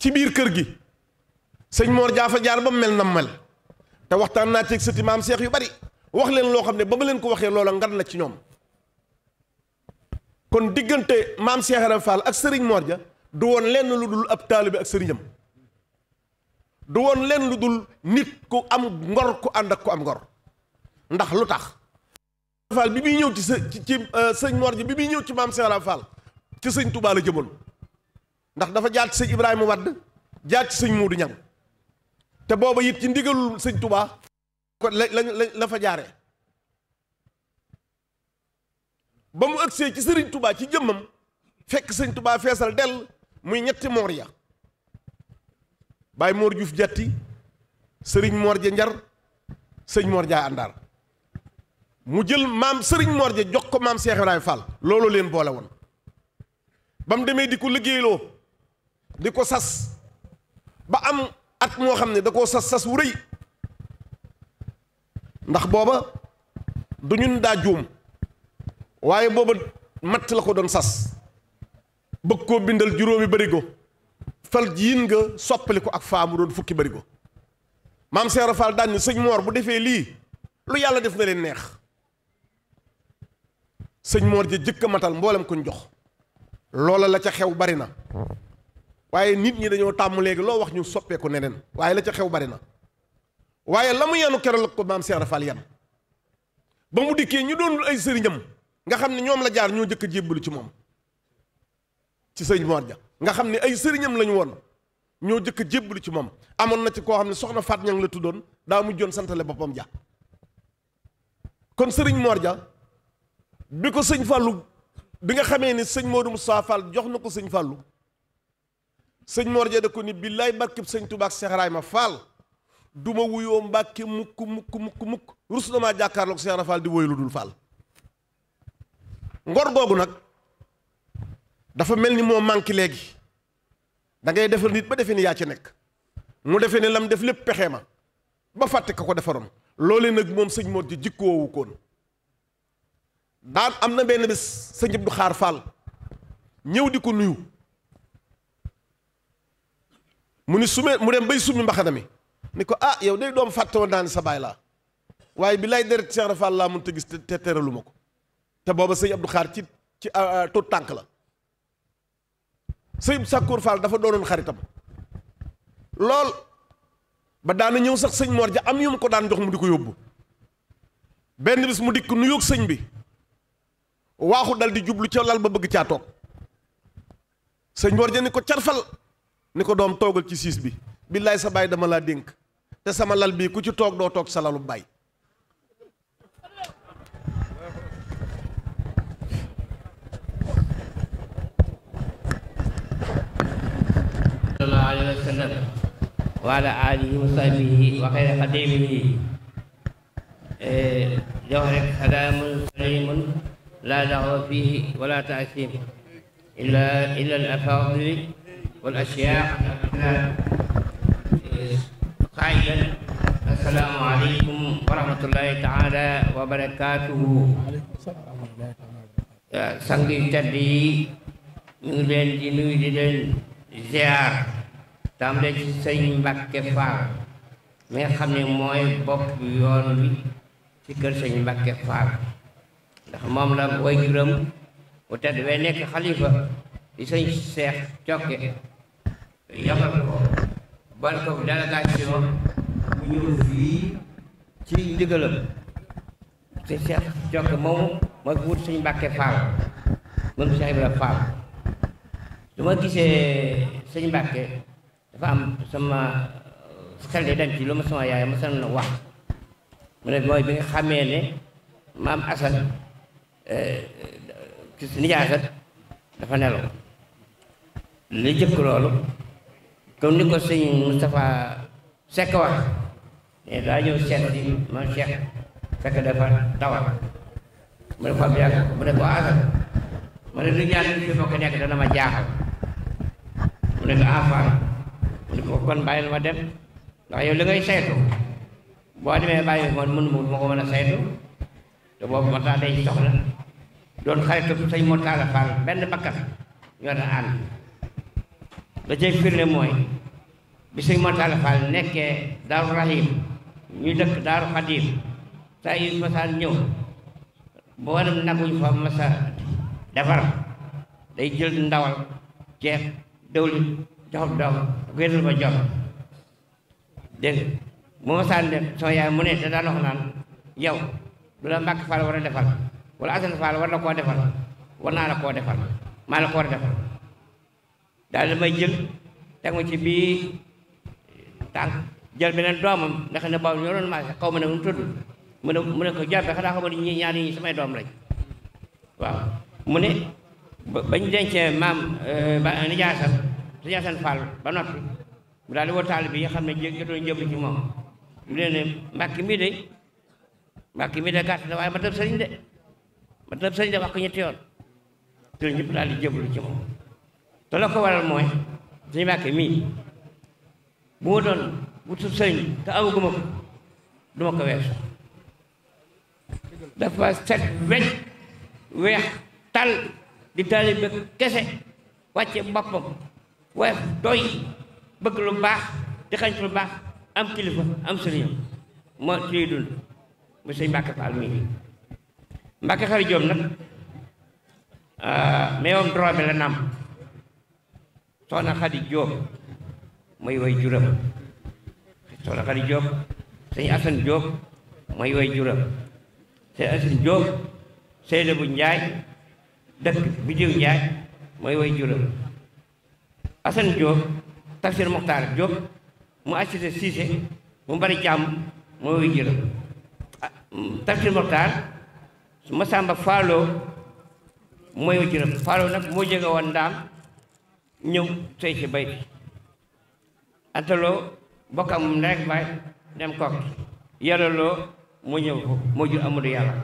ci biir kër gi sëñ moor Mor jaafa jaar ba mu mel na mel te waxtaan naa ci sëti maam seex yu bari wax leen loo xam ne ba ma leen ko waxee loola ngan la ci ñoom kon diggante maam Cheikh Ibrahima Fall ak sëriñ Mor ja du woon lenn lu dul ab taalibe ak sëriñam du woon leen lu dul nit ku am ngor ku ànd ak ku am ngor ndax lu tax Fall bi muy ñëw ci sa ci euh, sëñ Mor ji bi muy ñëw ci maam Seera Fall ci sëñ Touba la jëmoon ndax dafa jaar ci sëñ Ibrahima Wadd jaar ci sëñ Muudu Ñaŋ te booba it ci ndigalul sëñ Touba kon la la la fa jaaree ba mu ëgsee ci sëriñ tubaa ci jëmmam fekk sëñ tubaa feesal dell muy ñetti moor ya Baye Mor Diouf Jatti sëriñ moor Ja Njar sëñ Mor Jaa Àndaar mu jël maam sëriñ moor Ja jox ko maam Cheikh Ibrahima loolu leen boole woon ba mu demee di ko liggéeyloo di ko sas ba am at moo xam ne da koo sas sas wu rëy ndax booba du ñun daa juum waaye booba matt la ko doon sas bëgg koo bindal juróomi ko fal jiin nga soppali ko ak faamu doon fukki barigo maam Seera Fall daan ni sëñ Moor bu defee lii lu yàlla def nga leen neex sëñ Moor ja jëkk matal mboolem ñu jox loola la ca xew bari na waaye nit ñi dañoo tàmm léegi loo wax ñu soppeeku neneen waaye la ca xew bari na waaye la mu yanu keroog ko maam Seera Fall yan ba mu dikkee ñu doonul ay sëriñam nga xam ne ñoom la jaar ñoo jëkk a jébbalu ci moom ci sëñ Mor Ja nga xam ne ay sëriñam lañu woon ñoo jëkk a jébbalu ci moom amoon na ci koo xam ne soxna Faat Ñang la tuddoon daa mujjoon santale boppam ja kon sëriñ Mor Ja bi ko sëñ Fallou bi nga xamee ni sëñ Modou Moustapha Fall jox na ko sëñ Fallou sëñ moor Ja da ko ni billaay barkeb sëñ Tuubaa ak Seex Rayma Fall duma wuyoo Mbàkke mukk mukk mukk mukk rus na maa jàkkaarloog Seex di woy lu dul Fall ngor googu nag dafa mel ni moo manqué léegi dangay defar nit ba defee ni yaa ci nekk mu defee ne lam def lépp pexe ma ba fàtte ka ko defaroon loolee nag moom sëñ moo di jikkoowu koon daan am na benn bis sëñ Abdou Xaar Fall ñëw di ko nuyu mu ni sumee mu dem bay summi mbaxana mi ni ko ah yow day doom fàtte woon naa sa baay laa waaye bi laay deret Cheikh Fall laa mënut te gis te teeralu ko te booba sëñ Abdou Xaar ci ci euh, euh, tout tànk la sëñ Sakkour Fall dafa doonoon xaritam lool ba daana ñëw sax sëñ Mor ja am yu mu ko daan jox mu di ko yóbbu benn bis mu dikk nuyoog sëñ bi waaxu dal di jublu ca lal ba bëgg caa toog sëñ Mor ja ni ko carfal ni ko doom toogal ci siis bi billaay sa baay dama laa dénk te sama lal bii ku ci toog doo toog sa lalu baay عليه وسلم وعلى آله وصحبه وخير خديمه إيه، جوهر كلام سليم لا لغو فيه ولا تأثيم إلا إلا الأفاضل والأشياء إيه، قائلا السلام عليكم ورحمة الله تعالى وبركاته سنجد tadi من بين di nuyu tàmbale ci sëñ Mbàkke Faal mi nga xam ne mooy bopp yoon wi ci kër sëñ Mbàkke Faal ndax moom la way juróom bu bi wee nekk xalifa di sëñ Seex Cokke yabal ko bal ko délégation bu ñëw fii ci ndigalam sëñ Seex Cokke moomu mooy wut sëñ Mbàkke Faal moom Seex Ibra Faal su ma gisee sëñ Mbàkke dafa am sama xel di dem ci lu ma sama yaay ma wax mu ne mooy bi nga xamee ne maam Assane ki nijaay Assane dafa nelaw li jëkk loolu comme ni ko sëñ Moustapha Seck wax ne daa ñëw seet di maam Cheikh fekk dafa tawat mu ne ko mu ne ko Assane mu ne lu ñaar fi nekk dana ma jaaxal mu ne ko enfant mu ne ko kon bàyyil ma dem ndax yow li ngay saytu boo demee bàyyi man mënu ma ko mën a saytu te boobu ma day soxla doon xaritu sëñ moo taala faal benn bakkan ñoo daan ànd la cay firnde mooy bi sëñ moo taala faal nekkee daaru rahim ñu dëkk daaru xadim saa yu masaan ñëw boolem naguñ fa masa defar day jël ndawal ceeb dawlin joxub doom wéetal ko jox dégg nga moo saan def mu ne da yow lu la Mbàkke war a defal wala Assane Fall war koo defal war naa la koo defal maa la war a defal daal damay jël teg ma ci bii tànk jël beneen doomam nga xam ne boobu ñoo doon maase xaw ma ne mu tudd mu ne mu ne ko samay doom lañ waaw mu ne bañ dencee maam ba nijaasam sëñ Assane Fall ba noppi mu daal di woo taalibe yi xam ne jotoon jëblu ci moom mu leen ne mii de mbàkk mii de gàtt na waaye ma tëb sëriñ de ma tëb sëriñ de wax ko ñetti yoon te di jëblu ci la ko waral mooy suñu mbàkk mii bu ma doon wutu sëriñ te amaguma ko du ko weesu dafa set wecc weex tal di taalibe kese wàcce boppam woyof doy bëgg lu baax di xañ lu baax am kilifa am sëriñam moo ciy dund mu sëñ Mbàkke Fall mii Mbàkke xari joom nag ah, meewam droit la nam soxna Xadi Jóob mooy way juram soxna Xadi Jóob sëñ Asan Jóob mooy way juram sëñ Asan Jóob Seynabu Njaay dëkk bi Njaay mooy woy juram Assane Diop Tafsir Mokhtar Diop mu assisté Cissé mu bari jàmm mooy jëlam Tafsir Mokhtar Massamba Falloo mooy jëlam Falloo nag moo jege woon ndaam ñëw sëy ci bay antaloo bokkam moom na rek bay dem kook yaraloo moo ñëw foofu moo jur Amadou Yàlla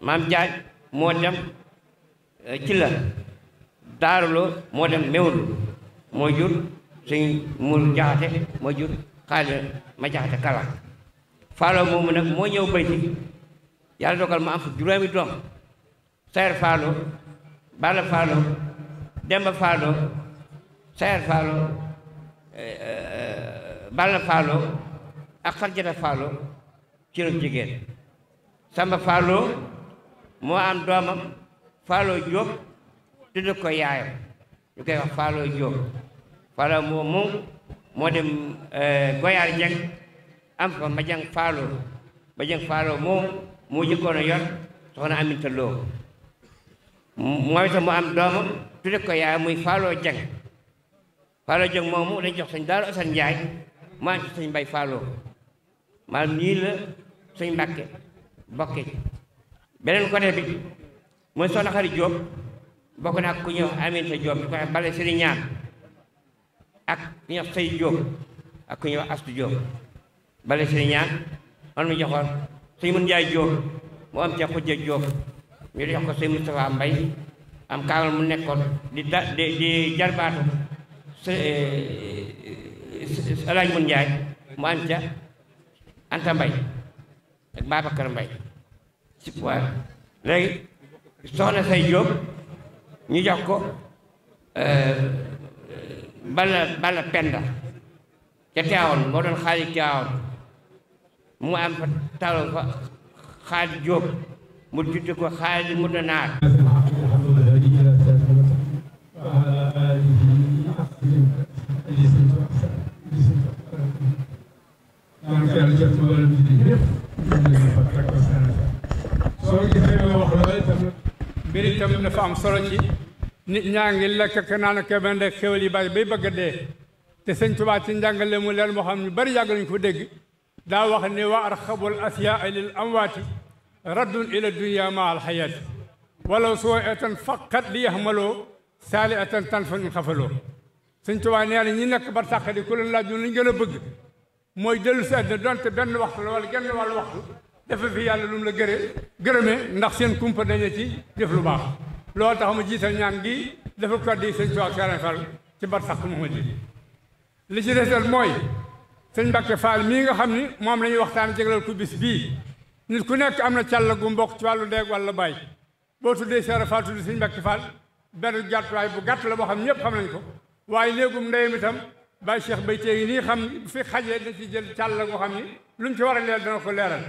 maam jaaj moo dem eh, ci la daaraloo moo dem mewlu moo jur sëñ mur jaxate moo jur xaalis ma jaxate kala faalo moomu nag moo ñëw bayti yàlla dogal ma am fa juróomi doom sayar faalo bala faalo demba faalo sayar faalo bala faalo ak xarjata ci la jigéen samba faalo moo am doomam faalo jóob tudde ko yaayam ñu koy wax faalo wala mo mo modem goyar eh, jang am ko ma jang faalo ma jang faalo mo mo jikkono yor soxna aminta loo mooy ta mu am doomam tudde ko yaa muy faalo jang faalo jang moomu dañ jox sañ daaro asan njaay maa ci sañ mbay faalo maanaam nii la sañ mbàkke bokke beneen côté bi mooy soxna xari jóob bokk naa ku ñëw aminta jóob di ko bale sëriñ ñaar ak ku ñuy wax Seydou Diop ak ku ñuy wax Astou Diop bale si ñaan man mu joxoon suñu mën Mbay am kaamal mu nekkoon di da di di jarbaatu sa alaaj eh, eh, mun njaay mu am ca Anta Mbay ak Babacar Mbay si waaw léegi soxna say Diop ñu jox ko eh, bala bala penda ca Tiwaawan moo doon xaali Tiwaawan mu am fa fa xaali Jóob mu tudde ko xaali mu na naar mbir itam dafa am solo ci نجانجل لك كنانا كمان لك خولي باي بي بقدي تسن تبع تنجانجل مولا محمد بري ياغل نكو دغ دا وخني وارخب الاثياء للاموات رد الى الدنيا مع الحياه ولو سوءة فقط ليهملوا سالئة تنفن خفلوا سن تبع نيال ني نك برتاخ دي كل لا دون نجل بغ موي دلو سد دونت بن وقت ولا ген ولا وقت دافا في يالا لوم لا غري غرمي ndax seen kumpa dañu ci def lu loolu tax mu jiital ñaan gi dafa kaddu yi sëñ Tuubaa Sëriñ Fall ci bar sax mu mujj li ci desal mooy sëñ Mbàkke Fall mii nga xam ni moom la ñuy waxtaan jéglal ku bis bii nit ku nekk am na calla gu mbokk ci wàllu ndeeg walla baay boo tuddee Sëriñ Fall tudd sëñ Mbàkke Fall benn gàttuwaay bu gàtt la boo xam ñëpp xam nañ ko waaye néegum ndeyam itam Baye Cheikh Bay tée yi nii xam fi xajee da ci jël càll goo xam ni lu mu ci war a leer dana ko leeral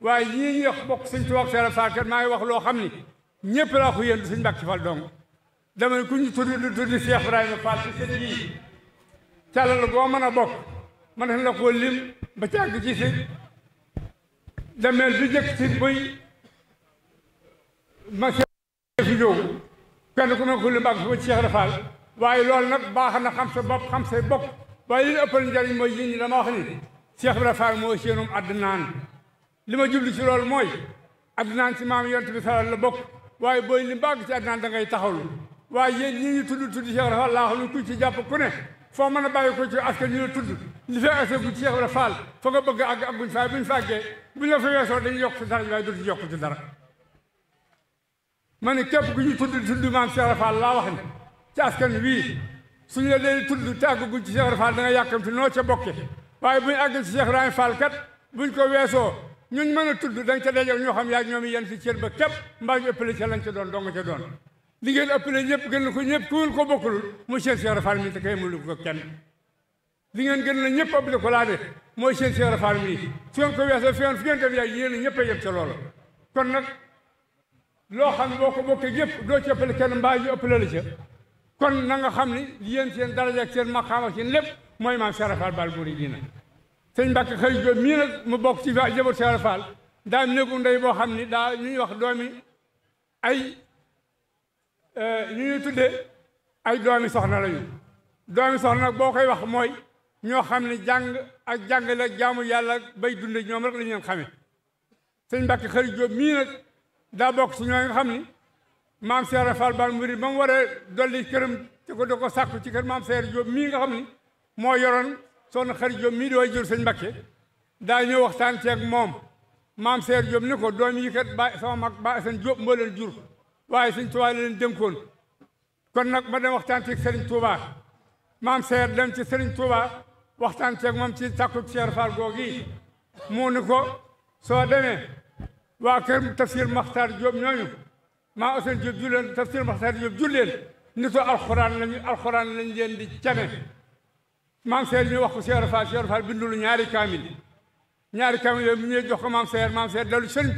waaye ñii ñuy wax loo xam ni ñépp laa ko yéen sëñ Mbàkke Fall dong dama ne ku ñu tudd lu tudd Cheikh Ibrahima Fall ci sëñ yi càllal boo mën a bokk mën na la koo ba ci àgg ci sëñ dameel bi jëkk si buy monsieur fi ñëw kenn ku ne ko lim ba àgg ba ci Cheikh Fall waaye loolu nag baax na xam sa bopp xam say bokk waaye li ñu ëppal njariñ mooy yéen ñi dama wax ni Cheikh Ibrahima Fall mooy seenum àddunaan li ma jublu ci loolu mooy àddunaan si maam yonent bi salal la bokk waaye booy li mbàgg ci àddina da ngay taxawlu waaye yéen ñu tudd tudd Cheikh Rafal laa xam ne ci jàpp ku ne foo mën a bàyyi ko ci askan ñu la tudd li fee askan bu Cheikh Rafal fa nga bëgg àgg àgguñ faay buñ fàggee buñ la fa yokk ci dara waaye dootu yokk ci ne képp ku ñu tudd tudd maam laa wax ne ci askan wii suñu la leen tudd te àgguñ ci Cheikh Rafal da nga yàkkamti noo ca bokke waaye buñ àgg ci Cheikh Rafal kat buñ ko weesoo ñooñ mën a tudd da nga ca dajew ñoo xam yaa ñoom yéen si cër ba képp mbaa ñu ëppale ca lañ ca doon dong ca doon li ngeen ëppale ñëpp gën na ko ñëpp ku ngeen ko bokkulul mu seen seer faal mi te kay mënu ko kenn li gën na ñëpp ëppale ko laa de mooy seen seer faal mi su ngeen ko weesoo fi ngeen dem yaa yéen ñëpp a yem ca lool kon nag loo xam ne boo ko bokkee ñëpp doo ci ëppale kenn mbaa ñu ëppale ca kon na nga xam ni yéen seen daraja ak seen maqaam ak lépp mooy maam seer faal baal buuri diina sëñ Mbàkke xëy Jóob mii nag mu bokk ci jabar Cheikh Fall daa néegu ndey boo xam ni daa ñuy wax doomi ay e, ñu ñuy tuddee ay doomi soxna la ñu doomi soxna nag boo koy wax mooy ñoo xam ne jàng ak jàngale ak jaamu yàlla bay dunde ñoom rek la ñu leen xamee sëñ Mbàkke xëy Jóob bokk ci ñoo nga xam ni maam Cheikh Fall ban muri ba mu waree dolli këram te ko da ko sàkku ci kër maam Cheikh Jóob mii nga xam ni moo yoroon soxna Xari Jóob mii di way jur sëñ Mbakke daa ñëw waxtaan ceeg moom maam Seer Jóob ni ko doom yi kat sama mag ba seen Jóob moo jur waaye sëñ Tuubaa leen dénkoon kon nag ma dem waxtaan ceeg sëriñ Tuubaa maam Seer dem ci sëriñ Tuubaa waxtaan ceeg moom ci tàkku Seer Faal googi mu ni ko soo demee waa kër tafsir Maxtaar Jóob ñooñu maa Useen Jóob jur leen tafsir Maxtaar Jóob jur leen nitu alxuraan lañu alxuraan lañu leen di cane maam seer ñu wax ko Cheikh Fall Cheikh Fall bindulu ñaari kaamil ñaari kaamil yooyu mu ñëwee jox ko maam seer maam seer dalu sëñ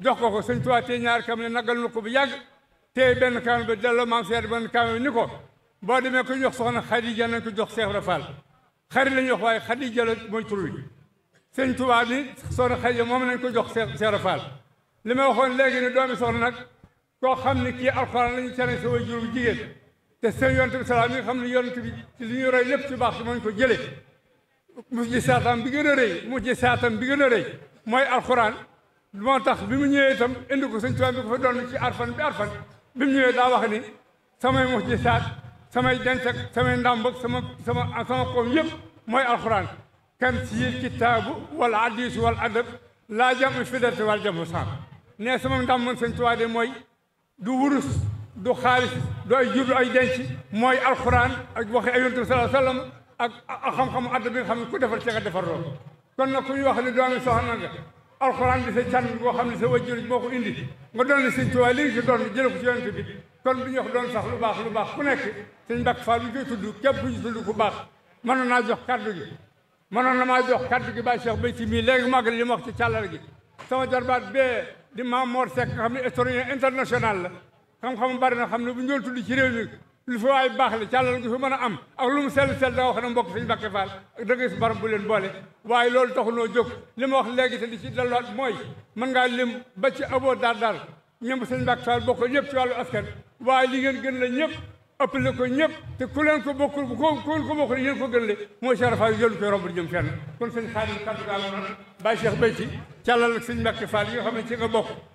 jox ko ko sëñ Touba te ñaari kaamil naggal nu ko bu yàgg te benn kaamil bi delloo maam seer benn kaamil ni ko boo demee ko jox soxna Khadija nañ ko jox Cheikh Fall xari la ñuy wax waaye Khadija la mooy tur wi sëñ Touba bi soxna Khadija moom nañ ko jox Cheikh Fall li ma waxoon léegi ne doomi soxna nag koo xam ne kii alxuraan la ñu tere sa way jur bu jigéen te seen yonent bi salaam yi xam ne yonent bi ci li ñu roy lépp ci baax si mën ko jële mu ji saatam bi gën a rëy mu ji saatam bi gën a rëy mooy alxuraan moo tax bi mu ñëwee itam indi ko sëñ Tuubaa bi ko fa doon ci arfan bi arfan bi mu ñëwee daa wax ni samay mu ji saat samay dentak samay ndàmb ak sama sama sama koom yëpp mooy alxuraan kam si kitaabu wala hadiis wala adab laa jam fidati wala jamu saam ne sama ndàmb sëñ Tuubaa de mooy du wurus du xaalis du ay jur ay denc mooy alxuraan ak waxi ay yonent bi sallallahu ak a sallam xam-xamu àdd bi xam ne ku defar ci nga defar lool kon nag ku ñu wax ne doomi a nga alxuraan di sa can boo xam ne sa wajjur moo ko indi nga doon ne sëñ Tuubaa léegi si doon jële ko ci yonent bi kon du ñu wax doon sax lu baax lu baax ku nekk sëñ Mbàkke Faal lu koy tudd képp ku ñu tudd ku baax mënoon naa jox kàddu gi mënoon na maa jox kàddu gi ba Cheikh Bay si mii léegi màgg li ma wax ci càllal gi sama jarbaat bee di Maam Mor Seck xam ne historien international la xam-xam bari na xam ne bu ñu doon tudd ci réew mi lu fi waay baax le càllal gu fi mën a am ak lu mu sell sell da wax ne mbokk Sëñ Mbàkke Faal ak si baram bu leen boole waaye loolu taxu noo jóg li ma wax léegi te di ci delluwaat mooy mën ngaa lim ba ci aboo daal daal ñoom Sëñ Mbàkke Faal bokk ñëpp ci wàllu askan waaye li ngeen gën la ñëpp ëppale ko ñëpp te ku leen ko bokk ko ku leen ko bokkul yéen ko gën le mooy Cheikh Rafal jëlu koy romb jëm fenn kon sëñ Xaadim kaddu gaa moom Baye Cheikh Béyti càllal ak